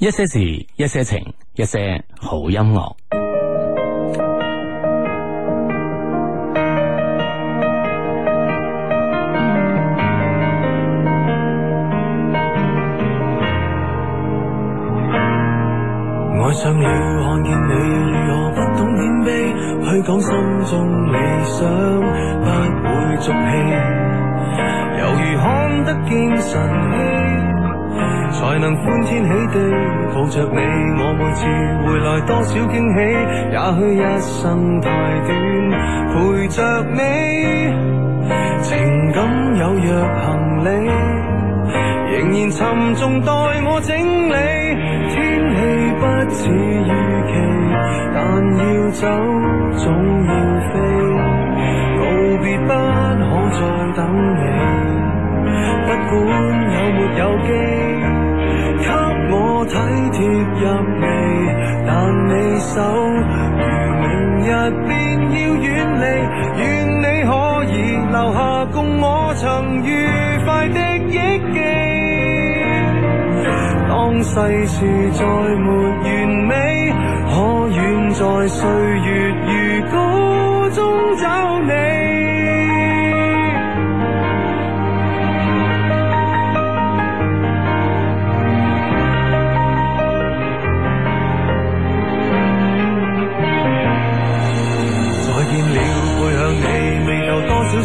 一些事，一些情，一些好音樂。愛上了看見你如何不懂謙卑，去講心中理想不會俗氣，猶如看得見神跡才能歡天喜地抱着你，我每次回來多少驚喜，也許一生太短，陪着你，情感有若行李，仍然沉重待我整理。天氣不似預期，但要走總要飛，告別不可再等你，不管有沒有機。我體貼入微，但你手如明日便要遠離，願你可以留下共我曾愉快的憶記，當世事再沒完美，可遠在歲月如歌中找你。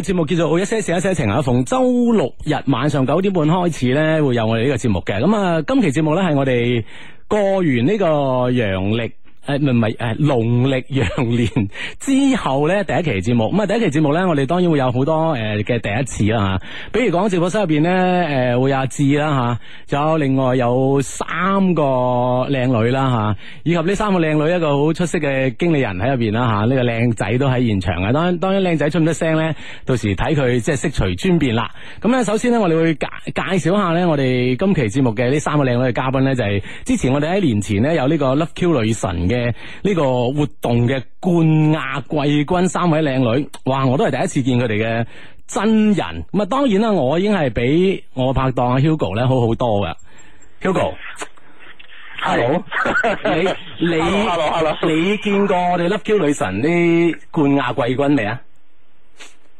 節目叫做好一些事一些情，啊，逢周六日晚上九點半開始咧，會有我哋呢個節目嘅。咁啊，今期節目咧係我哋過完呢個陽曆。誒，唔係唔係誒，農曆羊年之後咧，第一期節目咁啊！第一期節目咧，我哋當然會有好多誒嘅第一次啦吓，比如講直播室入邊咧，誒會有阿志啦吓，仲有另外有三個靚女啦吓，以及呢三個靚女一個好出色嘅經理人喺入邊啦吓，呢個靚仔都喺現場嘅，當然當然靚仔出唔出聲咧，到時睇佢即係悉隨尊便啦。咁咧，首先咧，我哋會介介紹下咧，我哋今期節目嘅呢三個靚女嘅嘉賓咧，就係之前我哋喺年前咧有呢個 Love Q 女神嘅。嘅呢個活動嘅冠亞季軍三位靚女，哇！我都係第一次見佢哋嘅真人。咁啊，當然啦，我已經係比我拍檔阿 Hugo 咧好好多噶。Hugo，Hey 係你你 hello, hello. 你見過我哋 Love Q 女神啲冠亞季軍未啊？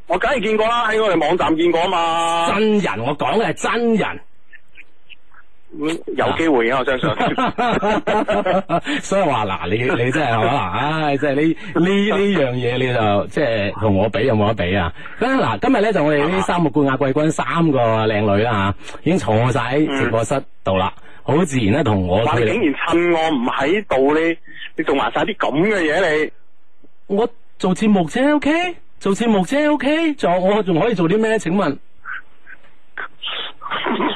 我梗係見過啦，喺我哋網站見過啊嘛。真人，我講嘅係真人。有機會嘅，啊、我相信。 所以話嗱，你你真係係嘛嗱？唉、 啊，真係呢呢呢樣嘢你就即係同我比有冇得比 啊？咁嗱，今日咧就我哋呢三個冠亞季軍三個靚女啦嚇，已經坐晒喺直播室度啦，好、嗯、自然啦，同我。話你竟然趁我唔喺度，你你做埋晒啲咁嘅嘢你？我做節目啫，O K。Okay? 做節目啫，O K。仲、okay? 我仲可以做啲咩？請問？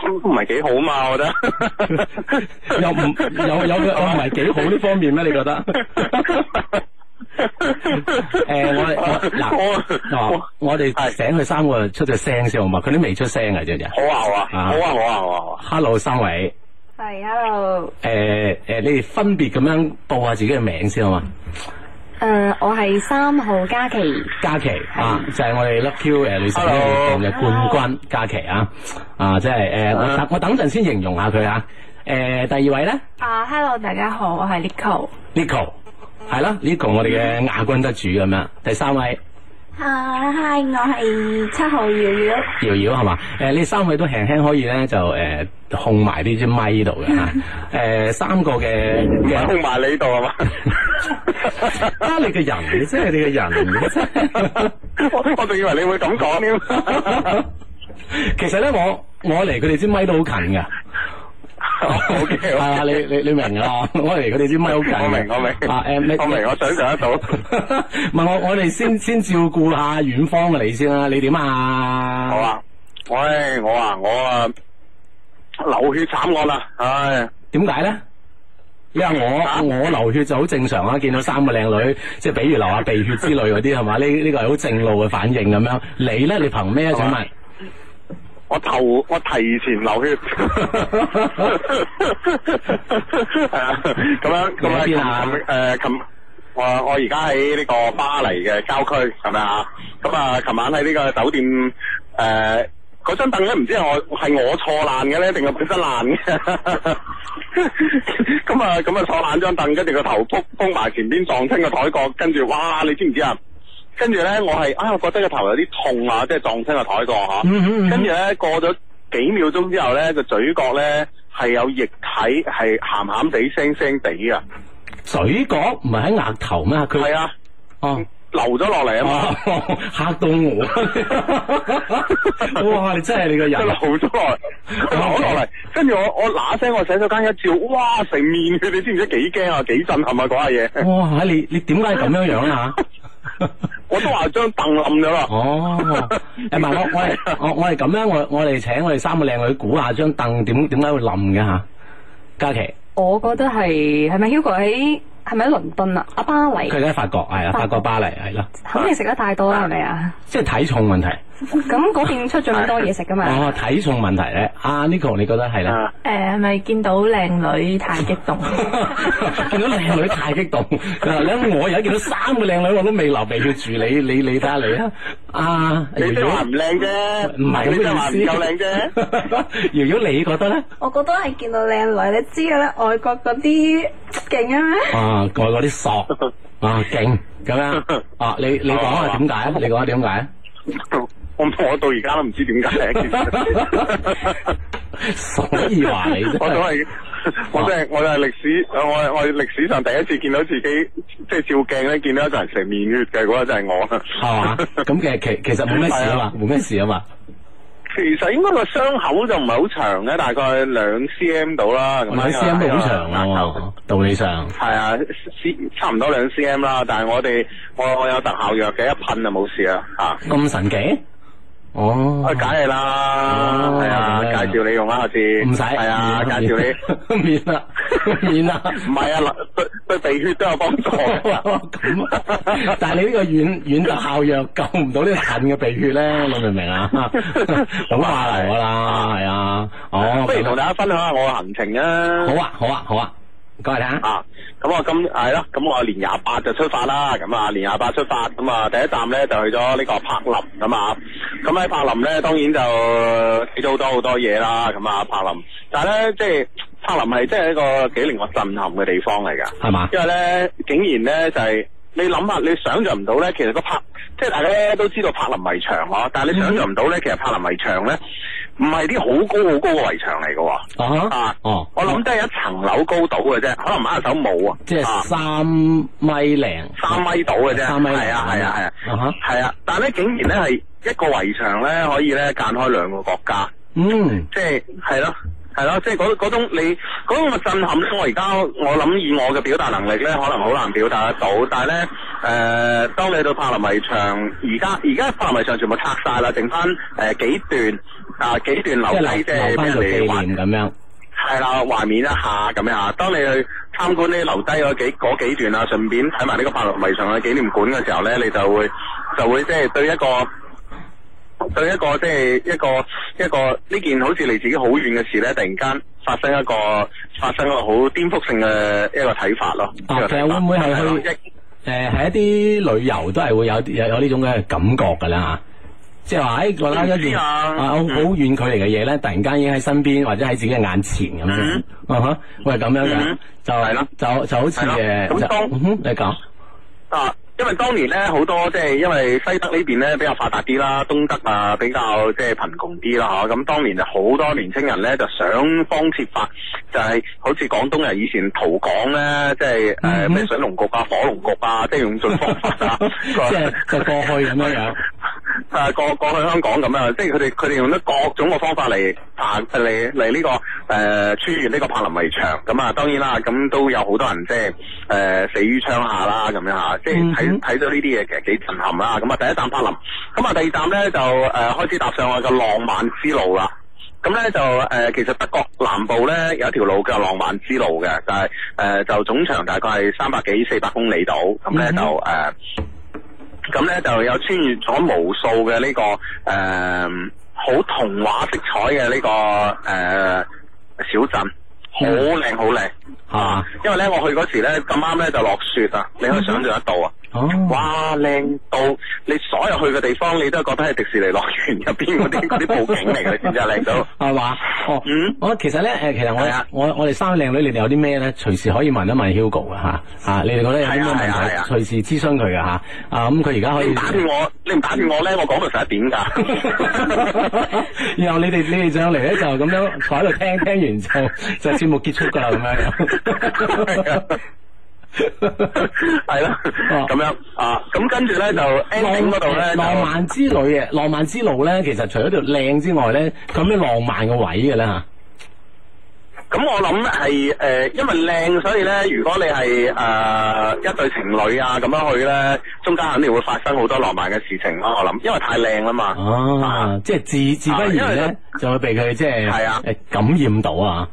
都唔係幾好嘛？我覺得又唔有有有唔係幾好呢方面咩？你覺得？誒，我嗱，我我哋請佢三個出隻聲先好嘛？佢都未出聲嘅啫啫。好啊，好啊，好啊，好啊！Hello，三位係 Hello。誒誒，你哋分別咁樣報下自己嘅名先好嘛？誒，uh, 我係三號嘉琪，嘉琪琦是啊，就係、是、我哋 LOVEQ 誒女神嘅冠軍嘉琪啊，啊、呃，即係誒，我等我等陣先形容下佢啊。誒、呃，第二位咧，啊、uh,，Hello，大家好，我係 Nicole，Nicole 係咯，Nicole 我哋嘅亞軍得主咁樣，第三位。啊、uh, Hi, 我係七號瑤瑤，瑤瑤係嘛？誒、呃，你三位都輕輕可以咧，就誒、呃、控埋呢支咪度嘅吓，誒 三個嘅，控埋、哦、的你度係嘛？ 啊，你嘅人，真係你嘅人，我我仲以為你會咁講添， 其實咧我我嚟佢哋支咪都好近噶。O K，係啊，你你你明啦， 我嚟，我哋先踎近。我明，啊欸、我明，我明，我想想得到。問我，我哋先先照顧下遠方嘅你先啦，你點啊？好啊，喂？我啊，我我啊，流血慘案啦，唉，點解咧？因為我我流血就好正常啊，見到三個靚女，即係比如流下鼻血之類嗰啲係嘛？呢呢、 呢個係好正路嘅反應咁樣。你咧，你憑咩啊？請問？我頭我提前流血， 係啊，咁樣咁啊，琴誒，咁我、呃、我而家喺呢個巴黎嘅郊區係咪啊？咁啊，琴晚喺呢個酒店誒、呃，嗰張凳咧，唔知係我係我坐爛嘅咧，定係本身爛嘅？咁啊，咁啊，坐爛張凳，跟住個頭撲撲埋前邊撞親個台角，跟住哇！你知唔知啊？跟住咧，我係啊，我覺得個頭有啲痛啊，即係撞親個台角吓。嗯、跟住咧，過咗幾秒鐘之後咧，個嘴角咧係有液體，係鹹鹹地、腥腥地啊。嘴角唔係喺額頭咩？佢係啊，哦，流咗落嚟啊嘛，吓、啊、到我。 哇！你真係你個人、啊流。流咗落嚟，流咗落嚟。跟住我，我嗱一聲，我洗手間一照，哇！成面，你知唔知幾驚啊？幾震撼啊！嗰下嘢。哇！你，你點解咁樣樣啊？ 我都話張凳冧咗啦。哦，係咪？ 我我係我我係咁樣，我我哋請我哋三個靚女估下張凳點點解會冧嘅吓。嘉琪，我覺得係係咪 Hugo 喺係咪喺倫敦啊？阿巴黎，佢喺法國係啊，法國巴黎係咯，肯定食得太多啦，係咪啊？即係體重問題。咁嗰邊出咗咁多嘢食噶嘛？哦，體重問題咧，阿 Nico 你覺得係啦？誒，係咪見到靚女太激動，見到靚女太激動嗱。你諗，我而家見到三個靚女，我都未留未去住你，你你睇下你啦，阿瑤瑤唔靚啫，唔係你都話夠靚啫。瑤瑤你覺得咧？我覺得係見到靚女，你知噶啦，外國嗰啲勁啊咩。啊，外國啲索啊，勁咁樣啊，你你講下，點解啊？你講下，點解啊？我我到而家都唔知點解，啊，其實 所以話你我都係，我真係、啊、我真係歷史，我我歷史上第一次見到自己即係照鏡咧，見到一個人成面血嘅嗰、嗰個就係我啊！吓吧，咁 其實其其實冇咩事啊嘛，冇咩事啊嘛。其實、啊、其實應該個傷口就唔係好長嘅，大概兩 cm 到啦。唔係 cm 好、嗯那個、長啊，道理上係啊，差唔多兩 cm 啦。但係我哋我我有特效藥嘅，一噴就冇事啦。吓、啊，咁神奇？哦，梗係啦，係啊，介紹你用啦下次，唔使，係啊，介紹你，免啦，免啦，唔係啊，對鼻血都有幫助，咁但係你呢個遠遠嘅效藥，救唔到呢個近嘅鼻血咧，你明唔明啊？咁啊，嚟噶啦，係啊，哦，不如同大家分享下我嘅行程啊。好啊，好啊，好啊。好，啊，咁我今係咯，咁我年廿八就出發啦，咁啊年廿八出發，咁啊第一站咧就去咗呢個柏林啊嘛，咁喺柏林咧當然就睇咗好多好多嘢啦，咁啊柏林，但係咧即係柏林係即係一個幾令我震撼嘅地方嚟噶，係嘛嗎？因為咧竟然咧就係你諗下，你想象唔到咧，其實個柏即係大家咧都知道柏林圍牆嗬，但係你想象唔到咧，mm hmm. 其實柏林圍牆咧。唔係啲好高好高嘅圍牆嚟嘅喎，啊，哦，我諗都係一層樓高到嘅啫，可能我下手冇啊，即係三米零、三米到嘅啫，係啊，係啊，係啊，啊哈，係啊，但係咧竟然咧係一個圍牆咧可以咧間開兩個國家，嗯，即係係咯，係咯，即係嗰種你嗰種嘅震撼咧，我而家我諗以我嘅表達能力咧，可能好難表達得到，但係咧誒，當你去到柏林圍牆，而家而家柏林圍牆全部拆晒啦，剩翻誒幾段。啊！幾段樓梯，即係咩嚟啊？咁樣係啦，懷緬一下咁樣啊！當你去參觀呢留低嗰幾幾段啊，順便睇埋呢個法律迷上嘅紀念館嘅時候咧，你就會就會即係、即係、對一個對、即係、一個即係一個一個呢件、呢個、好似離自己好遠嘅事咧，突然間發生一個發生一個好顛覆性嘅一個睇法咯。啊,法啊，其實會唔會係去誒喺一啲旅遊都係會有有有呢種嘅感覺噶啦？即係話，哎，我拉一件啊，好遠距離嘅嘢咧，突然間已經喺身邊或者喺自己嘅眼前咁樣，啊、嗯、哈，咁、嗯嗯、樣嘅，就係啦，就好的就，就好似嘅咁當，嗯、你講啊，因為當年咧好多即係因為西德呢邊咧比較發達啲啦，東德啊比較即係貧窮啲啦吓，咁、嗯、當年就好多年青人咧就想方設法，就係、是、好似廣東人以前逃港咧，即係誒，水龍局啊，火龍局啊，即、就、係、是、用盡方法啊，即係 就過去咁樣樣。 誒、啊，過過去香港咁樣，即係佢哋佢哋用咗各種嘅方法嚟啊嚟嚟呢個誒穿、呃、越呢個柏林圍牆。咁啊，當然啦，咁都有好多人即係誒死於槍下啦，咁樣吓，即係睇睇到呢啲嘢其實幾震撼啦。咁啊，第一站柏林，咁啊，第二站咧就誒、呃、開始踏上我嘅浪漫之路啦。咁咧就誒、呃，其實德國南部咧有一條路叫浪漫之路嘅，但係誒就總長大概係三百幾四百公里度，咁咧就誒。嗯嗯咁咧就有穿越咗無數嘅呢個誒好、uh, 童話色彩嘅呢、這個誒、uh, 小鎮好靚好靚啊！因為咧我去時咧咁啱咧就落雪啊，你可以想象得到啊！哦、哇，靚到你所有去嘅地方，你都係覺得係迪士尼樂園入邊嗰啲嗰啲布景嚟噶，你知唔知 啊？靚到係嘛？哦，我、哦、其實咧，誒，其實我、啊、我我哋三位靚女，你哋有啲咩咧，隨時可以問一問 Hugo 啊，吓吓，你哋覺得有啲咩問題，隨、啊啊啊、時諮詢佢噶吓。啊，咁佢而家可以打斷我，你唔打斷我咧，我講到十一點噶。 然後你哋你哋上嚟咧，就咁樣坐喺度聽， 聽完就就節目結束噶啦，咁樣。 係啦，咁樣啊，咁跟住咧就，度浪漫之旅嘅，浪漫之路咧，其實除咗條靚之外咧，有咩浪漫嘅位嘅咧吓？咁我諗係誒，因為靚，所以咧，如果你係誒一對情侶啊咁樣去咧，中間肯定會發生好多浪漫嘅事情咯。我諗，因為太靚啦嘛，啊，即係自自不然咧，就會被佢即係係啊，誒感染到啊。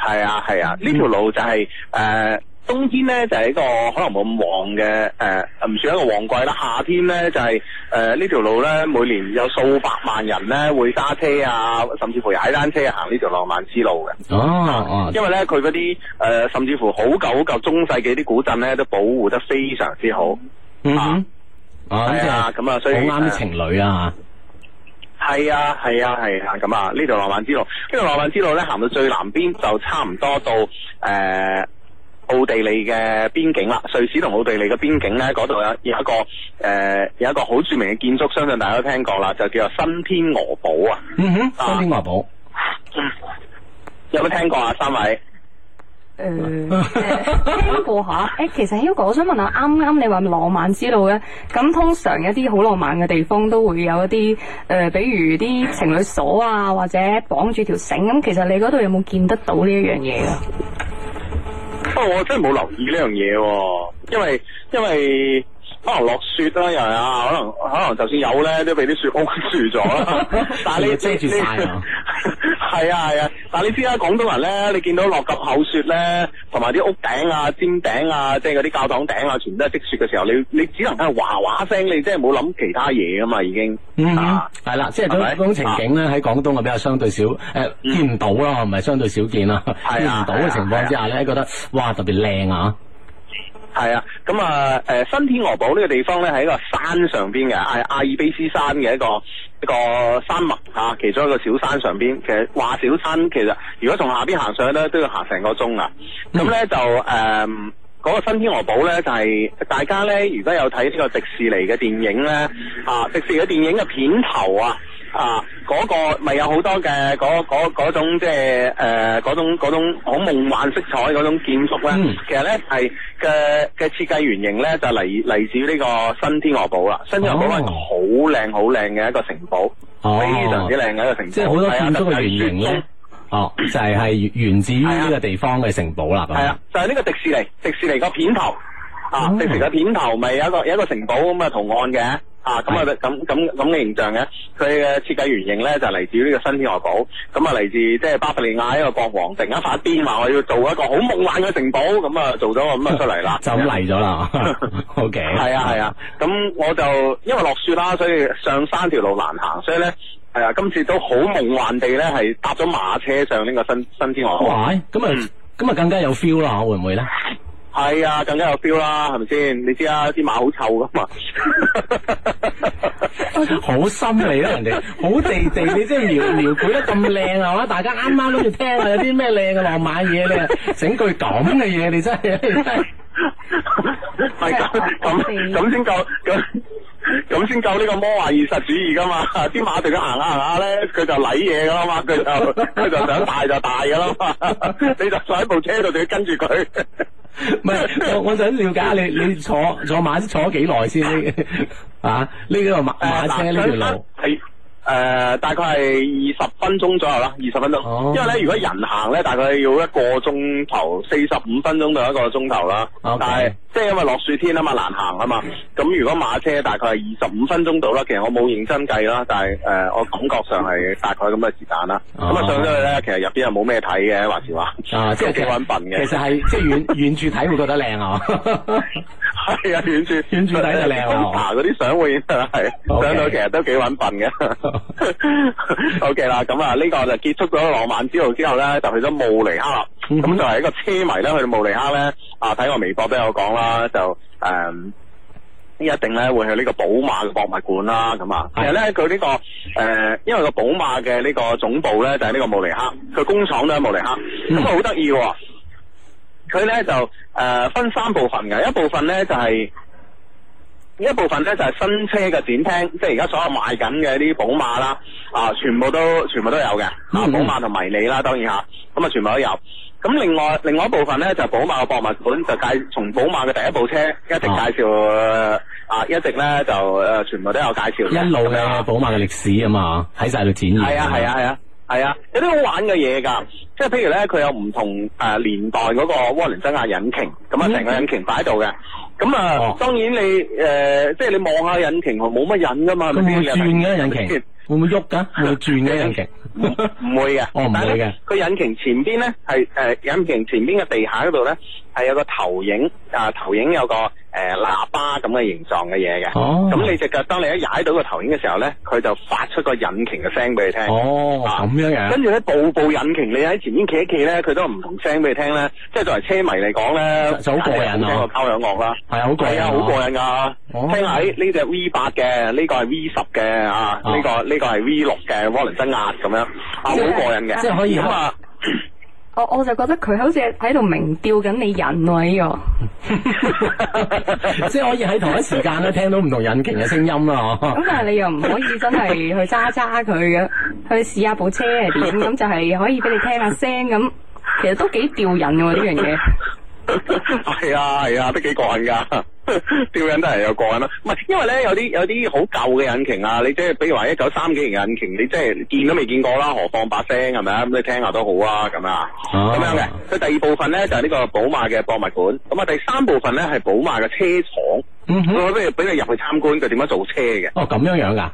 係啊係啊，呢條路就係誒。冬天咧就係一個可能冇咁旺嘅，誒唔算一個旺季啦。夏天咧就係誒呢條路咧每年有數百萬人咧會揸車啊，甚至乎踩單車行呢條浪漫之路嘅。哦，因為咧佢嗰啲誒甚至乎好舊好舊中世紀啲古鎮咧都保護得非常之好。嗯哼，啊咁啊，所以好啱啲情侶啊。係啊係啊係啊，咁啊呢條浪漫之路，呢條浪漫之路咧行到最南邊就差唔多到誒。奧地利嘅邊境啦，瑞士同奧地利嘅邊境咧，嗰度有有一個誒、呃，有一個好著名嘅建築，相信大家都聽過啦，就叫做新天鵝堡啊。嗯哼，啊、新天鵝堡。啊、有冇聽過啊？三位？誒、呃呃，聽過吓。誒、欸，其實 Hugo，我想問下，啱啱你話浪漫之路咧，咁通常一啲好浪漫嘅地方都會有一啲誒、呃，比如啲情侶鎖啊，或者綁住條繩。咁其實你嗰度有冇見得到呢一樣嘢啊？不過，我真係冇留意呢樣嘢喎，因為因為。可能落雪啦，又係啊，可能可能就算有咧，都俾啲雪屋住咗。 但係你， 你遮住晒 啊！係啊，係啊，但係你知啦，廣東人咧，你見到落咁厚雪咧，同埋啲屋頂啊、尖頂啊，即係嗰啲教堂頂啊，全部都係積雪嘅時候，你你只能係嘩嘩聲，你即係冇諗其他嘢噶嘛，已經。嗯哼。係啦、啊，即係嗰種情景咧，喺廣東啊，東比較相對少，誒、呃，見唔到咯，唔係、嗯、相對少見咯、啊，見唔到嘅情況之下咧，覺得 哇，哇，哇，哇，哇特別靚啊！係啊，咁啊，誒新天鵝堡呢個地方咧，係一個山上邊嘅，阿、啊、阿爾卑斯山嘅一個一個山脈嚇、啊，其中一個小山上邊。其實話小山，其實如果從下邊行上去咧，都要行成個鐘、嗯、啊。咁咧就誒嗰個新天鵝堡咧，就係、是、大家咧，如果有睇呢個迪士尼嘅電影咧，啊，迪士尼嘅電影嘅片頭啊。啊！嗰、那個咪有好多嘅嗰種即係誒嗰種嗰種好夢幻色彩嗰種建築咧，嗯、其實咧係嘅嘅設計原型咧就嚟嚟自於呢個新天鵝堡啦。新天鵝堡係好靚好靚嘅一個城堡，哦、非常之靚嘅一個城堡，哦、即係好多建築嘅原型咯。哦、啊，就係、是、係源自於呢個地方嘅城堡啦。係、嗯、啊，就係、是、呢個迪士尼，迪士尼個片頭啊，哦、迪士尼個片頭咪有一個有一個城堡咁嘅圖案嘅。啊，咁啊，咁咁咁嘅形象嘅，佢嘅設計原型咧就嚟自呢個新天鵝堡，咁啊嚟自即係巴伐利亞一個國王，突然間發一癲，話我要做一個好夢幻嘅城堡，咁啊做咗咁啊出嚟啦， 就咁嚟咗啦，OK，係啊係啊，咁、啊啊、我就因為落雪啦，所以上山條路難行，所以咧係啊，今次都好夢幻地咧係搭咗馬車上呢個新新天鵝堡，咁啊咁啊更加有 feel 啦，會唔會咧？係啊、哎，更加有 feel 啦，係咪先？你知啊，啲馬 好臭噶嘛，好深嚟啊，人哋好地地，你即係描描繪得咁靚，係嘛？大家啱啱都住聽啊，有啲咩靚嘅浪漫嘢，你整句咁嘅嘢，你真係，唔係咁咁咁先夠咁。 咁先夠呢個魔幻現實主義噶嘛？啲馬成日行下行下咧，佢就舐嘢噶啦嘛，佢就佢就想大就大噶啦嘛， 你就坐喺部車度，就要跟住佢。唔 係，我想了解下你，你坐坐馬坐咗幾耐先？呢 啊呢條馬馬車呢條、啊、路。啊誒、呃，大概係二十分鐘左右啦，二十分鐘。哦、因為咧，如果人行咧，大概要一個鐘頭，四十五分鐘到一個鐘頭啦。哦 okay. 但係，即係因為落雪天啊嘛，難行啊嘛。咁如果馬車，大概係二十五分鐘到啦。其實我冇認真計啦，但係誒、呃，我感覺上係大概咁嘅時但啦時間。咁啊、哦、上咗去咧，其實入邊又冇咩睇嘅，話時話，啊、哦哦，即係幾搵笨嘅。其實係 即係遠遠處睇會覺得靚啊、哦，係 啊，遠處遠處睇就靚啊、哦。爬嗰啲相會係，上到 Okay. 其實都幾搵笨嘅。 OK 啦，咁啊，呢個就結束咗浪漫之路之後咧，就去咗慕尼黑啦。咁 就係一個車迷咧，去到慕尼黑咧啊，睇我微博俾我講啦，就誒、呃、一定咧會去呢個寶馬嘅博物館啦。咁啊，係咧佢呢、這個誒、呃，因為個寶馬嘅呢個總部咧就係、是、呢個慕尼克，佢工廠都喺慕尼克。咁啊、 嗯，好得意嘅，佢咧就誒、呃、分三部分嘅，一部分咧就係、是。一部分咧就係、是、新車嘅展廳，即係而家所有賣緊嘅啲寶馬啦，啊，全部都全部都有嘅，啊，寶馬同迷你啦，當然吓，咁啊全部都有。咁、嗯、另外另外一部分咧就係寶馬嘅博物館，就介從寶馬嘅第一部車一直介紹，哦、啊，一直咧就誒、是、全部都有介紹，一路嘅、啊、寶馬嘅歷史啊嘛，喺晒度展示呀。係啊係啊係啊係啊，有啲好玩嘅嘢噶。即係譬如咧，佢有唔同誒年代嗰個渦輪增壓引擎，咁啊成個引擎擺喺度嘅。咁啊，當然你誒，即係你望下引擎，冇乜癮噶嘛。佢會轉嘅引擎，會唔會喐㗎？會轉嘅引擎，唔會嘅，我唔會嘅。佢引擎前邊咧係誒引擎前邊嘅地下嗰度咧係有個投影啊，投影有個誒喇叭咁嘅形狀嘅嘢嘅。哦，咁你隻腳當你一踩到個投影嘅時候咧，佢就發出個引擎嘅聲俾你聽。哦，咁樣嘅。跟住咧，步步引擎你喺前。前邊企一企咧，佢都唔同聲俾你聽咧，即係作為車迷嚟講咧，就好過癮咯，個交響樂啦，係啊，好過癮，係啊，好過癮啊，好過癮噶，聽下呢隻 V 八嘅，呢個係 V 十嘅啊，呢、哦這個呢、這個係 V 六嘅，渦輪增壓咁樣啊，好、哦啊、過癮嘅，即係是樣可以后啊。我就覺得佢好似喺度明吊緊你人喎，呢 個 即係可以喺同一時間咧聽到唔同引擎嘅聲音咯。咁 但係你又唔可以真係去揸揸佢㗎，去試下部車點咁 就係可以俾你聽下聲咁。其實都幾吊人嘅呢樣嘢。係啊係啊，都幾過癮噶。 吊引都係有過癮啦，唔係，因為咧有啲有啲好舊嘅引擎啊。你即係比如話一九三幾年嘅引擎，你即係見都未見過啦，何況把聲係咪？咁你聽下都好啊，咁樣咁樣嘅。佢第二部分咧就係、是、呢個寶馬嘅博物館，咁啊第三部分咧係寶馬嘅車廠，咁啊俾俾你入去參觀，佢點樣做車嘅？哦，咁樣樣噶。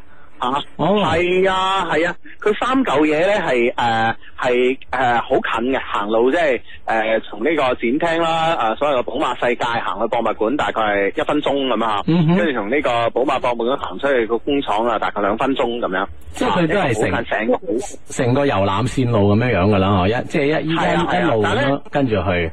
係啊，係啊，佢三嚿嘢咧係誒係誒好近嘅，行路即係誒從呢個展廳啦誒，所謂嘅寶馬世界行去博物館大概係一分鐘咁啊，跟住從呢個寶馬博物館行出去個工廠啊，大概兩分鐘咁樣，即係佢都係成成個好成個遊覽線路咁樣樣噶啦，一即係一一路咁樣跟住去，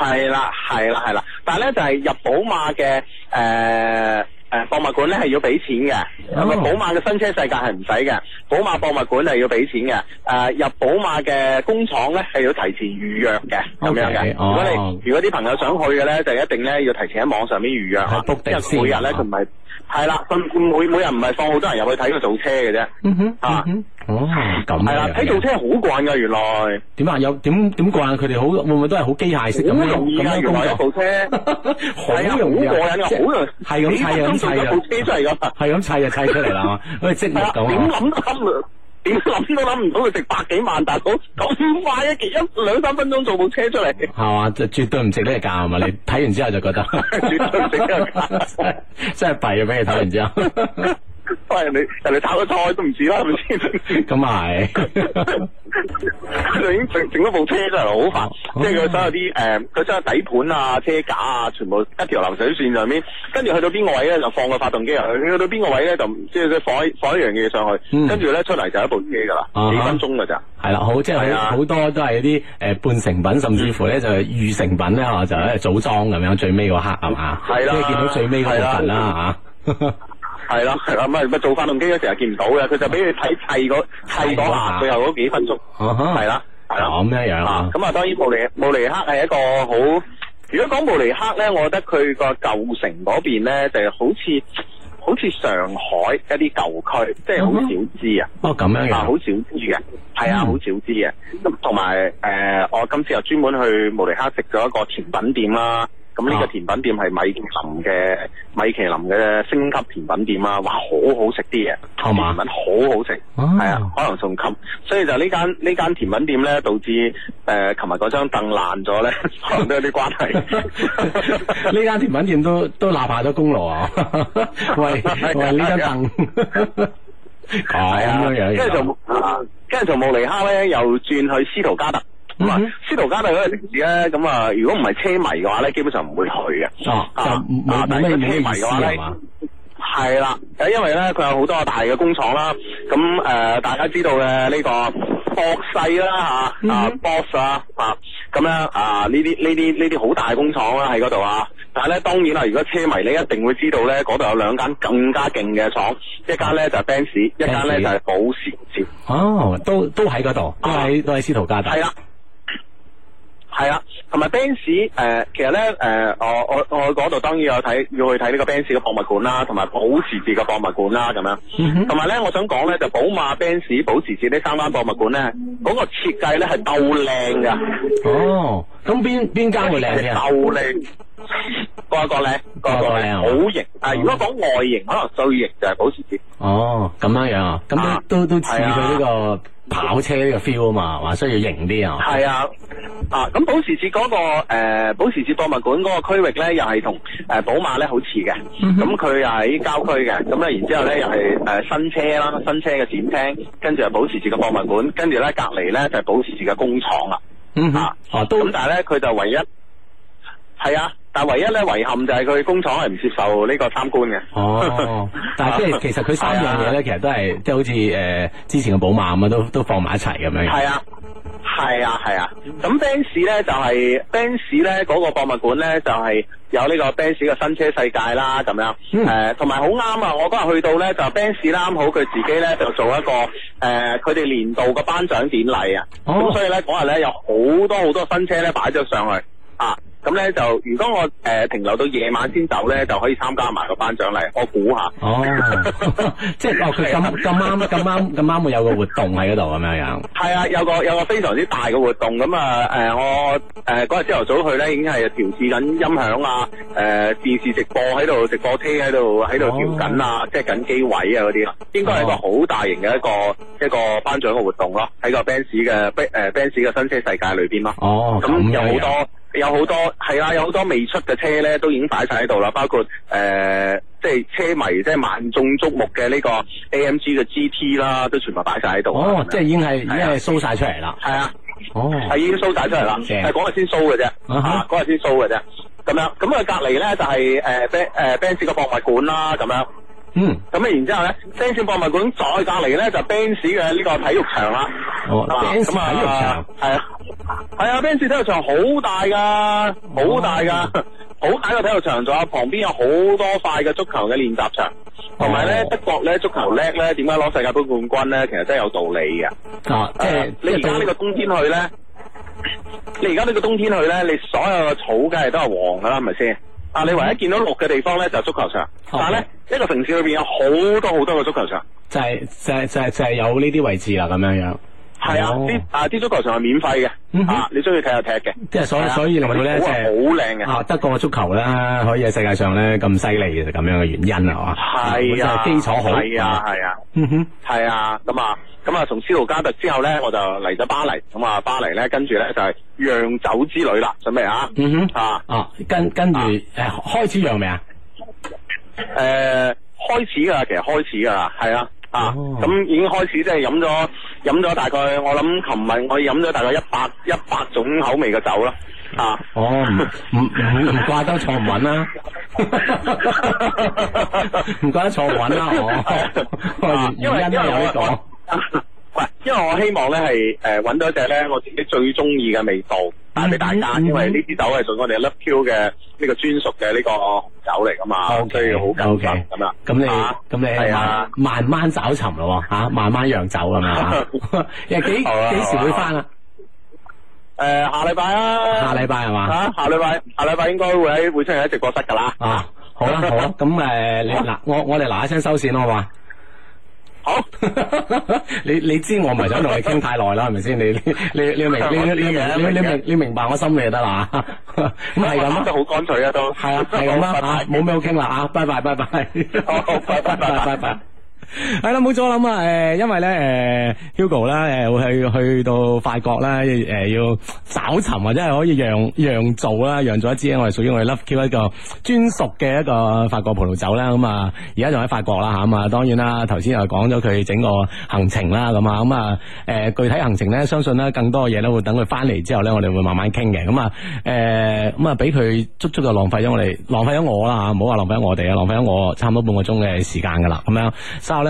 係啦係啦係啦，但係咧就係入寶馬嘅誒。誒，uh, 博物館咧係要俾錢嘅，咁啊寶馬嘅新車世界係唔使嘅，寶馬博物館係要俾錢嘅。誒、uh，入寶馬嘅工廠咧係要提前預約嘅，咁 Okay. 樣嘅、oh。如果你如果啲朋友想去嘅咧，就一定咧要提前喺網上面預約啊，Okay . oh. 因為每日咧佢唔係。啊係啦，每每日唔係放好多人入去睇佢做車嘅啫，啊，哦，咁係啦，睇做車好慣噶原來。點啊？有點點慣佢哋好，會唔會都係好機械式咁樣咁樣工作？好容易噶，原來造車，好容易過癮噶，好容易，係咁，係啊，係啊，造車真係咁，係咁砌就砌出嚟啦，好似積木咁啊。點諗都諗唔到佢值百幾萬大佬，咁快一件一兩三分鐘做部車出嚟，係嘛，就絕對唔值呢個價係嘛？你睇完之後就覺得 絕對唔值呢個價，再擺入去睇文章。 翻人哋人哋炒嘅菜都唔知啦，係咪先？咁啊係，佢已經整整咗部車真係好煩，即係佢所有啲誒，佢所有底盤啊、車架啊，全部一條流水線上面，跟住去到邊個位咧就放個發動機入去，去到邊個位咧就即係佢放放一樣嘢上去，跟住咧出嚟就一部車噶啦，幾分鐘噶咋？係啦，好即係好多都係啲誒半成品，甚至乎咧就係預成品咧，係嘛，就喺度組裝咁樣，最尾嗰刻係嘛，即係見到最尾嗰部分啦吓。係咯，唔係唔係做發動機嗰時又見唔到嘅，佢就俾你睇砌嗰砌嗰欄，最後嗰幾分鐘係啦，係啦。咁、嗯、一雷樣啊！咁啊，當然慕尼慕尼黑係一個好，如果講慕尼黑咧，我覺得佢個舊城嗰邊咧就係好似好似上海一啲舊區，即係好少知 啊。不過哦，咁樣樣。好少知嘅，係啊，好 厲害、啊、少知嘅。咁同埋誒，我今次又專門去慕尼黑食咗一個甜品店啦。咁呢個甜品店係米其林嘅米其林嘅星級甜品店啊，哇，好好食啲嘢，啲甜品好好食，係啊，可能仲級，所以就呢間呢間甜品店咧，導致誒琴日嗰張凳爛咗咧，可能都有啲關係。呢間甜品店都都立下咗功勞啊！喂呢張凳係啊，跟住就啊，即係就慕尼黑咧，又轉去斯圖加特。咁啊，mm hmm. 斯圖加特嗰個歷史咧，咁啊，如果唔係車迷嘅話咧，基本上唔會去嘅。就、哦、啊，但係車迷嘅話咧，係啦。誒，因為咧，佢有好多大嘅工廠啦。咁、啊、誒，大家知道嘅呢個博世啦，吓啊、mm，博、hmm. 世啊，啊，咁樣啊，呢啲呢啲呢啲好大嘅工廠啦喺嗰度啊。但係咧，當然啦，如果車迷咧，一定會知道咧，嗰度有兩間更加勁嘅廠，一間咧就係奔馳，一間咧就係保時捷。Bench? 哦，都都喺嗰度，都喺都喺斯圖加特。係啦、啊。係啦，同埋 Benz 誒，其實咧誒、呃，我我我嗰度當然有睇，要去睇呢個 Benz 嘅博物館啦，同埋保時捷嘅博物館啦，咁樣。同埋咧，我想講咧，就寶馬、Benz、保時捷呢三間博物館咧，嗰、那個設計咧係鬥靚噶。哦，咁邊邊間會靚？鬥靚。個個靚，個個靚，好型啊！如果講外形，可能最型就係保時捷。哦，咁樣樣啊，咁都都似佢呢個跑車呢個 feel 啊嘛，話需要型啲啊。係啊，啊咁保時捷嗰個誒保時捷博物館嗰個區域咧，又係同誒寶馬咧好似嘅。咁佢又喺郊區嘅，咁咧然之後咧又係誒新車啦，新車嘅展廳，跟住啊保時捷嘅博物館，跟住咧隔籬咧就係保時捷嘅工廠啦。嗯吓，都咁，但係咧佢就唯一係啊。但係唯一咧遺憾就係佢工廠係唔接受呢個參觀嘅。哦，但係即係其實佢三樣嘢咧， 其實都係即係好似誒、呃、之前嘅寶馬啊，都都放埋一齊咁樣。係啊，係啊，係啊。咁 Benz 咧就係、是、Benz 咧嗰、那個博物館咧就係、是、有呢個 Benz 嘅新車世界啦，咁樣。誒、嗯，同埋好啱啊！我嗰日去到咧就 Benz 啱好佢自己咧就做一個誒，佢、呃、哋年度嘅頒獎典禮啊。咁、哦、所以咧嗰日咧有好多好多，多新車咧擺咗上去啊！咁咧就，如果我誒停留到夜晚先走咧，就可以參加埋個頒獎禮。我估下，哦，即係哦，咁咁啱，咁啱，咁啱會有個活動喺嗰度咁樣樣。係啊，有個有個非常之大嘅活動。咁啊誒，我誒嗰日朝頭早去咧，已經係調試緊音響啊，誒電視直播喺度，直播車喺度，喺度調緊啊，即係緊機位啊嗰啲啦。應該係一個好大型嘅一個一個頒獎嘅活動咯，喺個 Benz 嘅誒 Benz 嘅新車世界裏邊咯。哦，咁有好多。有好多係啊，有好多未出嘅車咧，都已經擺晒喺度啦。包括誒，即係車迷即係萬眾矚目嘅呢個 A M G 嘅 G T 啦，都全部擺晒喺度。哦，即係已經係已經係 show 晒出嚟啦。係啊，哦，係已經 show 晒出嚟啦。係嗰日先 show 嘅啫，嗱，嗰日先 show 嘅啫。咁樣，咁啊隔籬咧就係誒，ban 誒，Benz 嘅博物館啦。咁樣，嗯。咁啊，然之後咧，Benz 博物館再隔籬咧就 Benz 嘅呢個體育場啦。哦，Benz 體育場。係啊。係啊，奔馳體育場好大噶，好大噶，好、oh. 大個體育場，仲有旁邊有好多塊嘅足球嘅練習場，同埋咧德國咧足球叻咧，點解攞世界盃冠軍咧？其實真係有道理嘅。啊，即係你而家呢個冬天去咧， 你而家呢個冬天去咧，你所有嘅草梗係都係黃噶啦，係咪先？啊，你唯一見到綠嘅地方咧就係、是、足球場，oh. 但係咧一個城市裏邊有好多好多個足球場，就係、是、就係、是、就係就係有呢啲位置啦，咁樣樣。係啊，啲啊啲足球場係免費嘅，吓、mm hmm. 啊、你中意睇下踢嘅。即係所所以，另外的呢即係好靚嘅。吓、啊、德國嘅足球啦，可以喺世界上咧咁犀利嘅，咁樣嘅原因係嘛？係啊，基礎好。係啊，係啊。嗯哼。係啊，咁啊，咁啊，從斯圖加特之後咧，我就嚟咗巴黎。咁啊，巴黎咧，跟住咧就係釀酒之旅啦。準備、mm hmm. 啊。嗯哼、啊。啊，啊。啊。跟跟住誒，開始釀未啊？誒，開始噶，其實開始噶啦，係啊。啊！咁已經開始即係飲咗飲咗大概，我諗琴日我飲咗大概一百一百種口味嘅酒啦。啊！哦，唔唔唔，怪得坐唔穩啦，唔怪得坐唔穩啦，唔怪得坐唔穩啦我，因為因為有、呢個、我。我啊唔 因為我希望咧，係誒搵到一隻咧我自己最中意嘅味道，帶俾、嗯、大家。因為呢支酒係做我哋 Love Q 嘅呢個專屬嘅呢個酒嚟啊嘛。O K，好 O K，咁啊，咁你咁你慢慢找尋咯，吓慢慢釀酒咁啊。幾幾時會翻啊？誒，下禮拜啊，下禮拜係嘛？啊，下禮拜下禮拜應該會喺會出嚟喺直播室噶啦。啊，好啦好啦，咁誒，你嗱我我哋嗱一聲收線咯，好嘛、啊？ 你你知我唔係想同你傾太耐啦，係咪先？你你你明，你你明，你，你，我你明你，你明白我心理就得啦。咁係咁啊，就 好乾脆啊，都係啊，係咁 啊，冇咩， 啊，好傾啦，啊，吓， 拜拜，拜拜，好，拜拜， 拜拜。 係啦，冇錯啦，我諗，誒、呃，因為咧，誒、呃、，Hugo 啦，誒，去去到法國啦，誒、呃，要找尋或者係可以釀釀做啦，釀做一支，我哋屬於我哋 Love Q 一個專屬嘅一個法國葡萄酒啦，咁、嗯、啊，而家就喺法國啦，吓咁啊，當然啦，頭先又講咗佢整個行程啦，咁、嗯、啊，咁、嗯、啊，誒、呃，具體行程咧，相信咧，更多嘅嘢，咧會等佢翻嚟之後咧，我哋會慢慢傾嘅，咁、嗯、啊，誒、嗯，咁、嗯、啊，俾佢足足就浪費咗我哋，浪費咗我啦，吓，唔好話浪費咗我哋啊，浪費咗我，我，我差唔多半個鐘嘅時間噶啦，咁樣。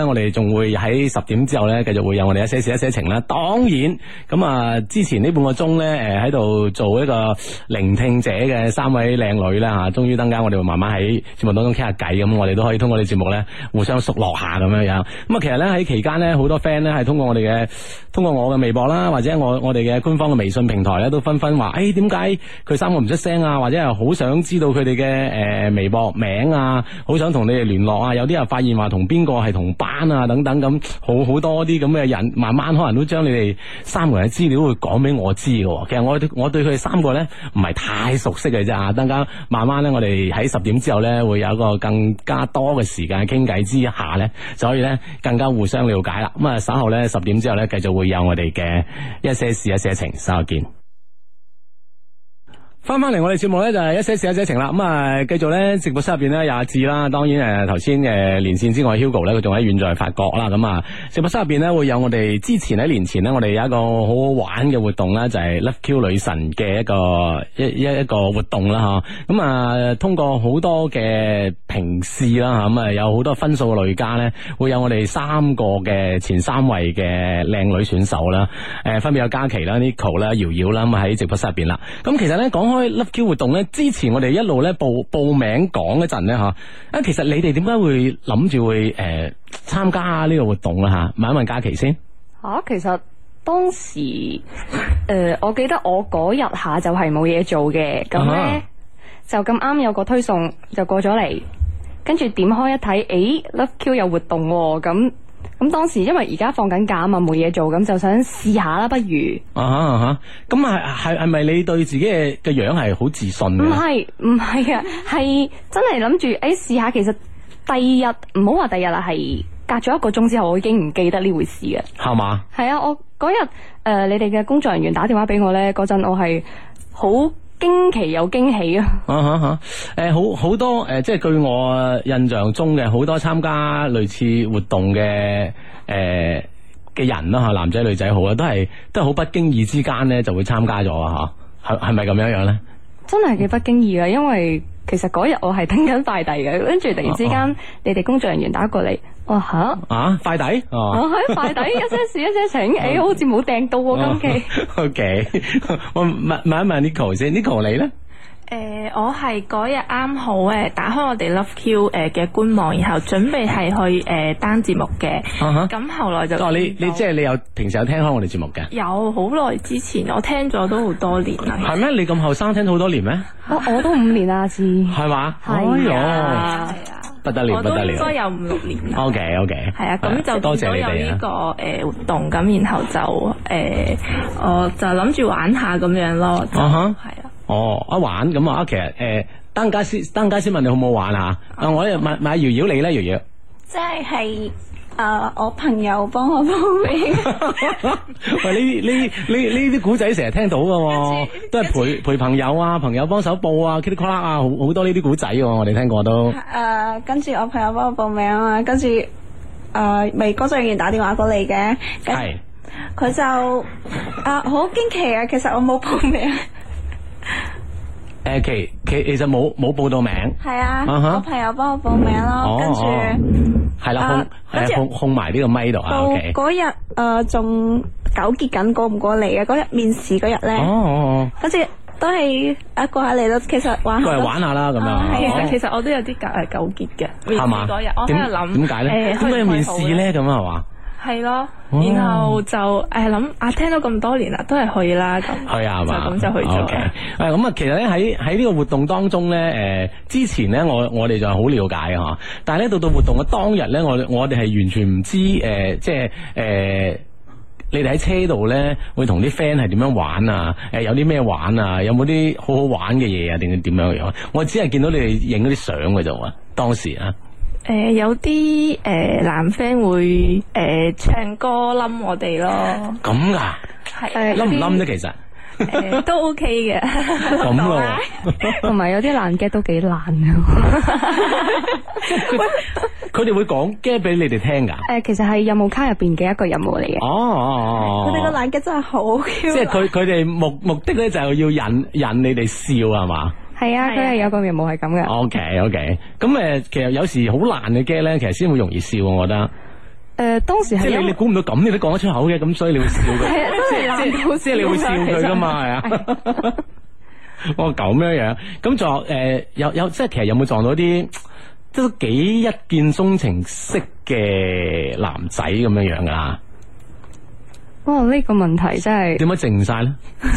我哋仲會喺十點之後呢，繼續會有我哋一些事、一些情啦。當然，咁、嗯、啊，之前呢半個鐘呢，誒喺度做一個聆聽者嘅三位靚女啦，吓、啊，終於陣間，我哋會慢慢喺節目當中傾下偈咁，我哋都可以通過啲節目呢，互相熟絡下咁樣樣。咁、嗯、啊，其實呢，喺期間呢，好多 friend 咧係通過我哋嘅，通過我嘅微博啦，或者我我哋嘅官方嘅微信平台咧，都紛紛話，誒、哎，點解佢三個唔出聲啊？或者又好想知道佢哋嘅誒微博名啊，好想同你哋聯絡啊。有啲人發現話，同邊個係同？班啊，等等咁，好好多啲咁嘅人，慢慢可能都將你哋三個人嘅資料會講俾我知嘅。其實我我對佢哋三個咧，唔係太熟悉嘅啫啊。等間慢慢咧，我哋喺十點之後咧，會有一個更加多嘅時間傾偈之下咧，就可以咧更加互相了解啦。咁啊，稍後咧，十點之後咧，繼續會有我哋嘅一些事，一些情，稍後見。翻翻嚟，我哋節目咧就係一些事一些情啦。咁啊，繼續咧直播室入邊咧有阿智啦。當然誒，頭先誒連線之外，Hugo 咧佢仲喺遠在法國啦。咁啊，直播室入邊咧會有我哋之前喺年前咧，我哋有一個好好玩嘅活動啦，就係、是、Love Q 女神嘅一個一一一,一個活動啦，吓。咁啊，通過好多嘅評試啦，吓，咁啊有好多分數嘅女嘉咧，會有我哋三個嘅前三位嘅靚女選手啦。誒、啊，分別有嘉琪啦、Nico 啦、瑤瑤啦，咁啊喺直播室入邊啦。咁、啊、其實咧講。開 Love Q 活動咧，之前我哋一路咧報報名講嗰陣咧吓，啊，其實你哋點解會諗住會誒參加呢個活動啦吓？問一問假期先吓。其實當時誒、呃，我記得我嗰日下晝就係冇嘢做嘅，咁咧、uh huh. 就咁啱有個推送就過咗嚟，跟住點開一睇，誒、欸、，Love Q 有活動喎，咁。咁當時因為而家放緊假啊嘛，冇嘢做，咁就想試下啦，不如、uh huh. 啊吓，咁係係係咪你對自己嘅嘅樣係好自信嘅？唔係唔係啊，係真係諗住誒試下。其實第二日唔好話第二日啦，係隔咗一個鐘之後，我已經唔記得呢回事嘅。係嘛？係啊，我嗰日誒，你哋嘅工作人員打電話俾我咧，嗰陣我係好。驚奇有驚喜啊！吓吓吓！誒、呃，好好多誒、呃，即係據我印象中嘅好多參加類似活動嘅誒嘅人啦吓，男仔女仔好啊，都係都係好不經意之間咧就會參加咗啊吓，係係咪咁樣樣咧？真係幾不經意啊，因為。其實嗰日我係等緊快遞嘅，跟住突然之間、啊啊、你哋工作人員打過嚟，哇吓啊，快遞，我喺快遞，一些事一些情，誒、哎、好似冇訂到喎、啊，咁 OK，我問一問 Nicko 先，Nicko 你咧。誒，我係嗰日啱好誒，打開我哋 LoveQ 誒嘅官網，然後準備係去誒單節目嘅。咁後來就你你即係你有平時有聽開我哋節目嘅？有好耐之前，我聽咗都好多年啦。係咩？你咁後生聽好多年咩？我我都五年啦，至係嘛？係啊，係啊，不得了，我都了，應該有五六年。OK OK，係啊，咁就多謝你呢個誒活動，咁然後就誒，我就諗住玩下咁樣咯。哦，一、啊、玩咁啊，其實誒、呃，丹家先，丹家先問你好唔好玩啊、嗯、啊，我咪咪瑤瑤你咧，瑤瑤，即係誒、呃，我朋友幫我報名。 喂，呢呢呢呢啲古仔成日聽到噶，著著都係陪陪朋友啊，朋友幫手報啊，嘰里呱啦啊，好好多呢啲古仔我我哋聽過都。誒，跟住我朋友幫我報名啊，跟住誒，咪工作人員打電話過嚟嘅。係，佢的 就啊好驚奇啊，其實我冇報名。誒，其其其實冇冇報到名，係啊，我朋友幫我報名咯，跟住係啦，跟跟住控控埋呢個咪度啊，OK，嗰日誒仲糾結緊過唔過嚟嘅，嗰日面試嗰日咧，哦，好似都係啊過下嚟咯，其實玩係玩下啦咁樣，其實其實我都有啲格誒糾結嘅，面試嗰日我喺度諗，點解咧點解要面試咧咁啊嘛？係咯，然後就誒諗啊，聽咗咁多年啦，都係去啦咁， 去啊嘛，就咁就去咗嘅。誒，咁啊，其實咧喺喺呢個活動當中咧，誒，之前咧我我哋就好了解吓，但係咧到到活動嘅當日咧，我我哋係完全唔知誒，即係誒，你哋喺車度咧會同啲 friend 係點樣玩啊？誒，有啲咩玩啊？有冇啲好好玩嘅嘢啊？定係點樣樣？我只係見到你哋影嗰啲相嘅啫啊，當時啊。誒，有啲誒男 friend 會誒唱歌冧我哋咯，咁噶？係冧唔冧咧？其實都 OK 嘅，咁咯。同埋有啲冷 gag 都幾爛。佢哋會講 get 俾你哋聽噶？誒，其實係任務卡入邊嘅一個任務嚟嘅。哦，佢哋個冷 gag 真係好。即係佢佢哋目目的咧，就係要引引你哋笑係嘛？係啊，佢係、啊、有個眉毛係咁嘅。OK，OK，咁誒，其實有時好爛嘅 gag 咧，其實先會容易笑，我覺得。誒、呃，當時係你你估唔到咁，你都講得出口嘅，咁所以你會笑佢，即係即係你會笑佢噶嘛，係是啊。我 咁、 哦、樣樣，咁撞誒有、呃、有，有，即係其實有冇撞到啲都幾一見鍾情式嘅男仔咁樣樣噶？哇！呢個問題真係點解靜晒咧？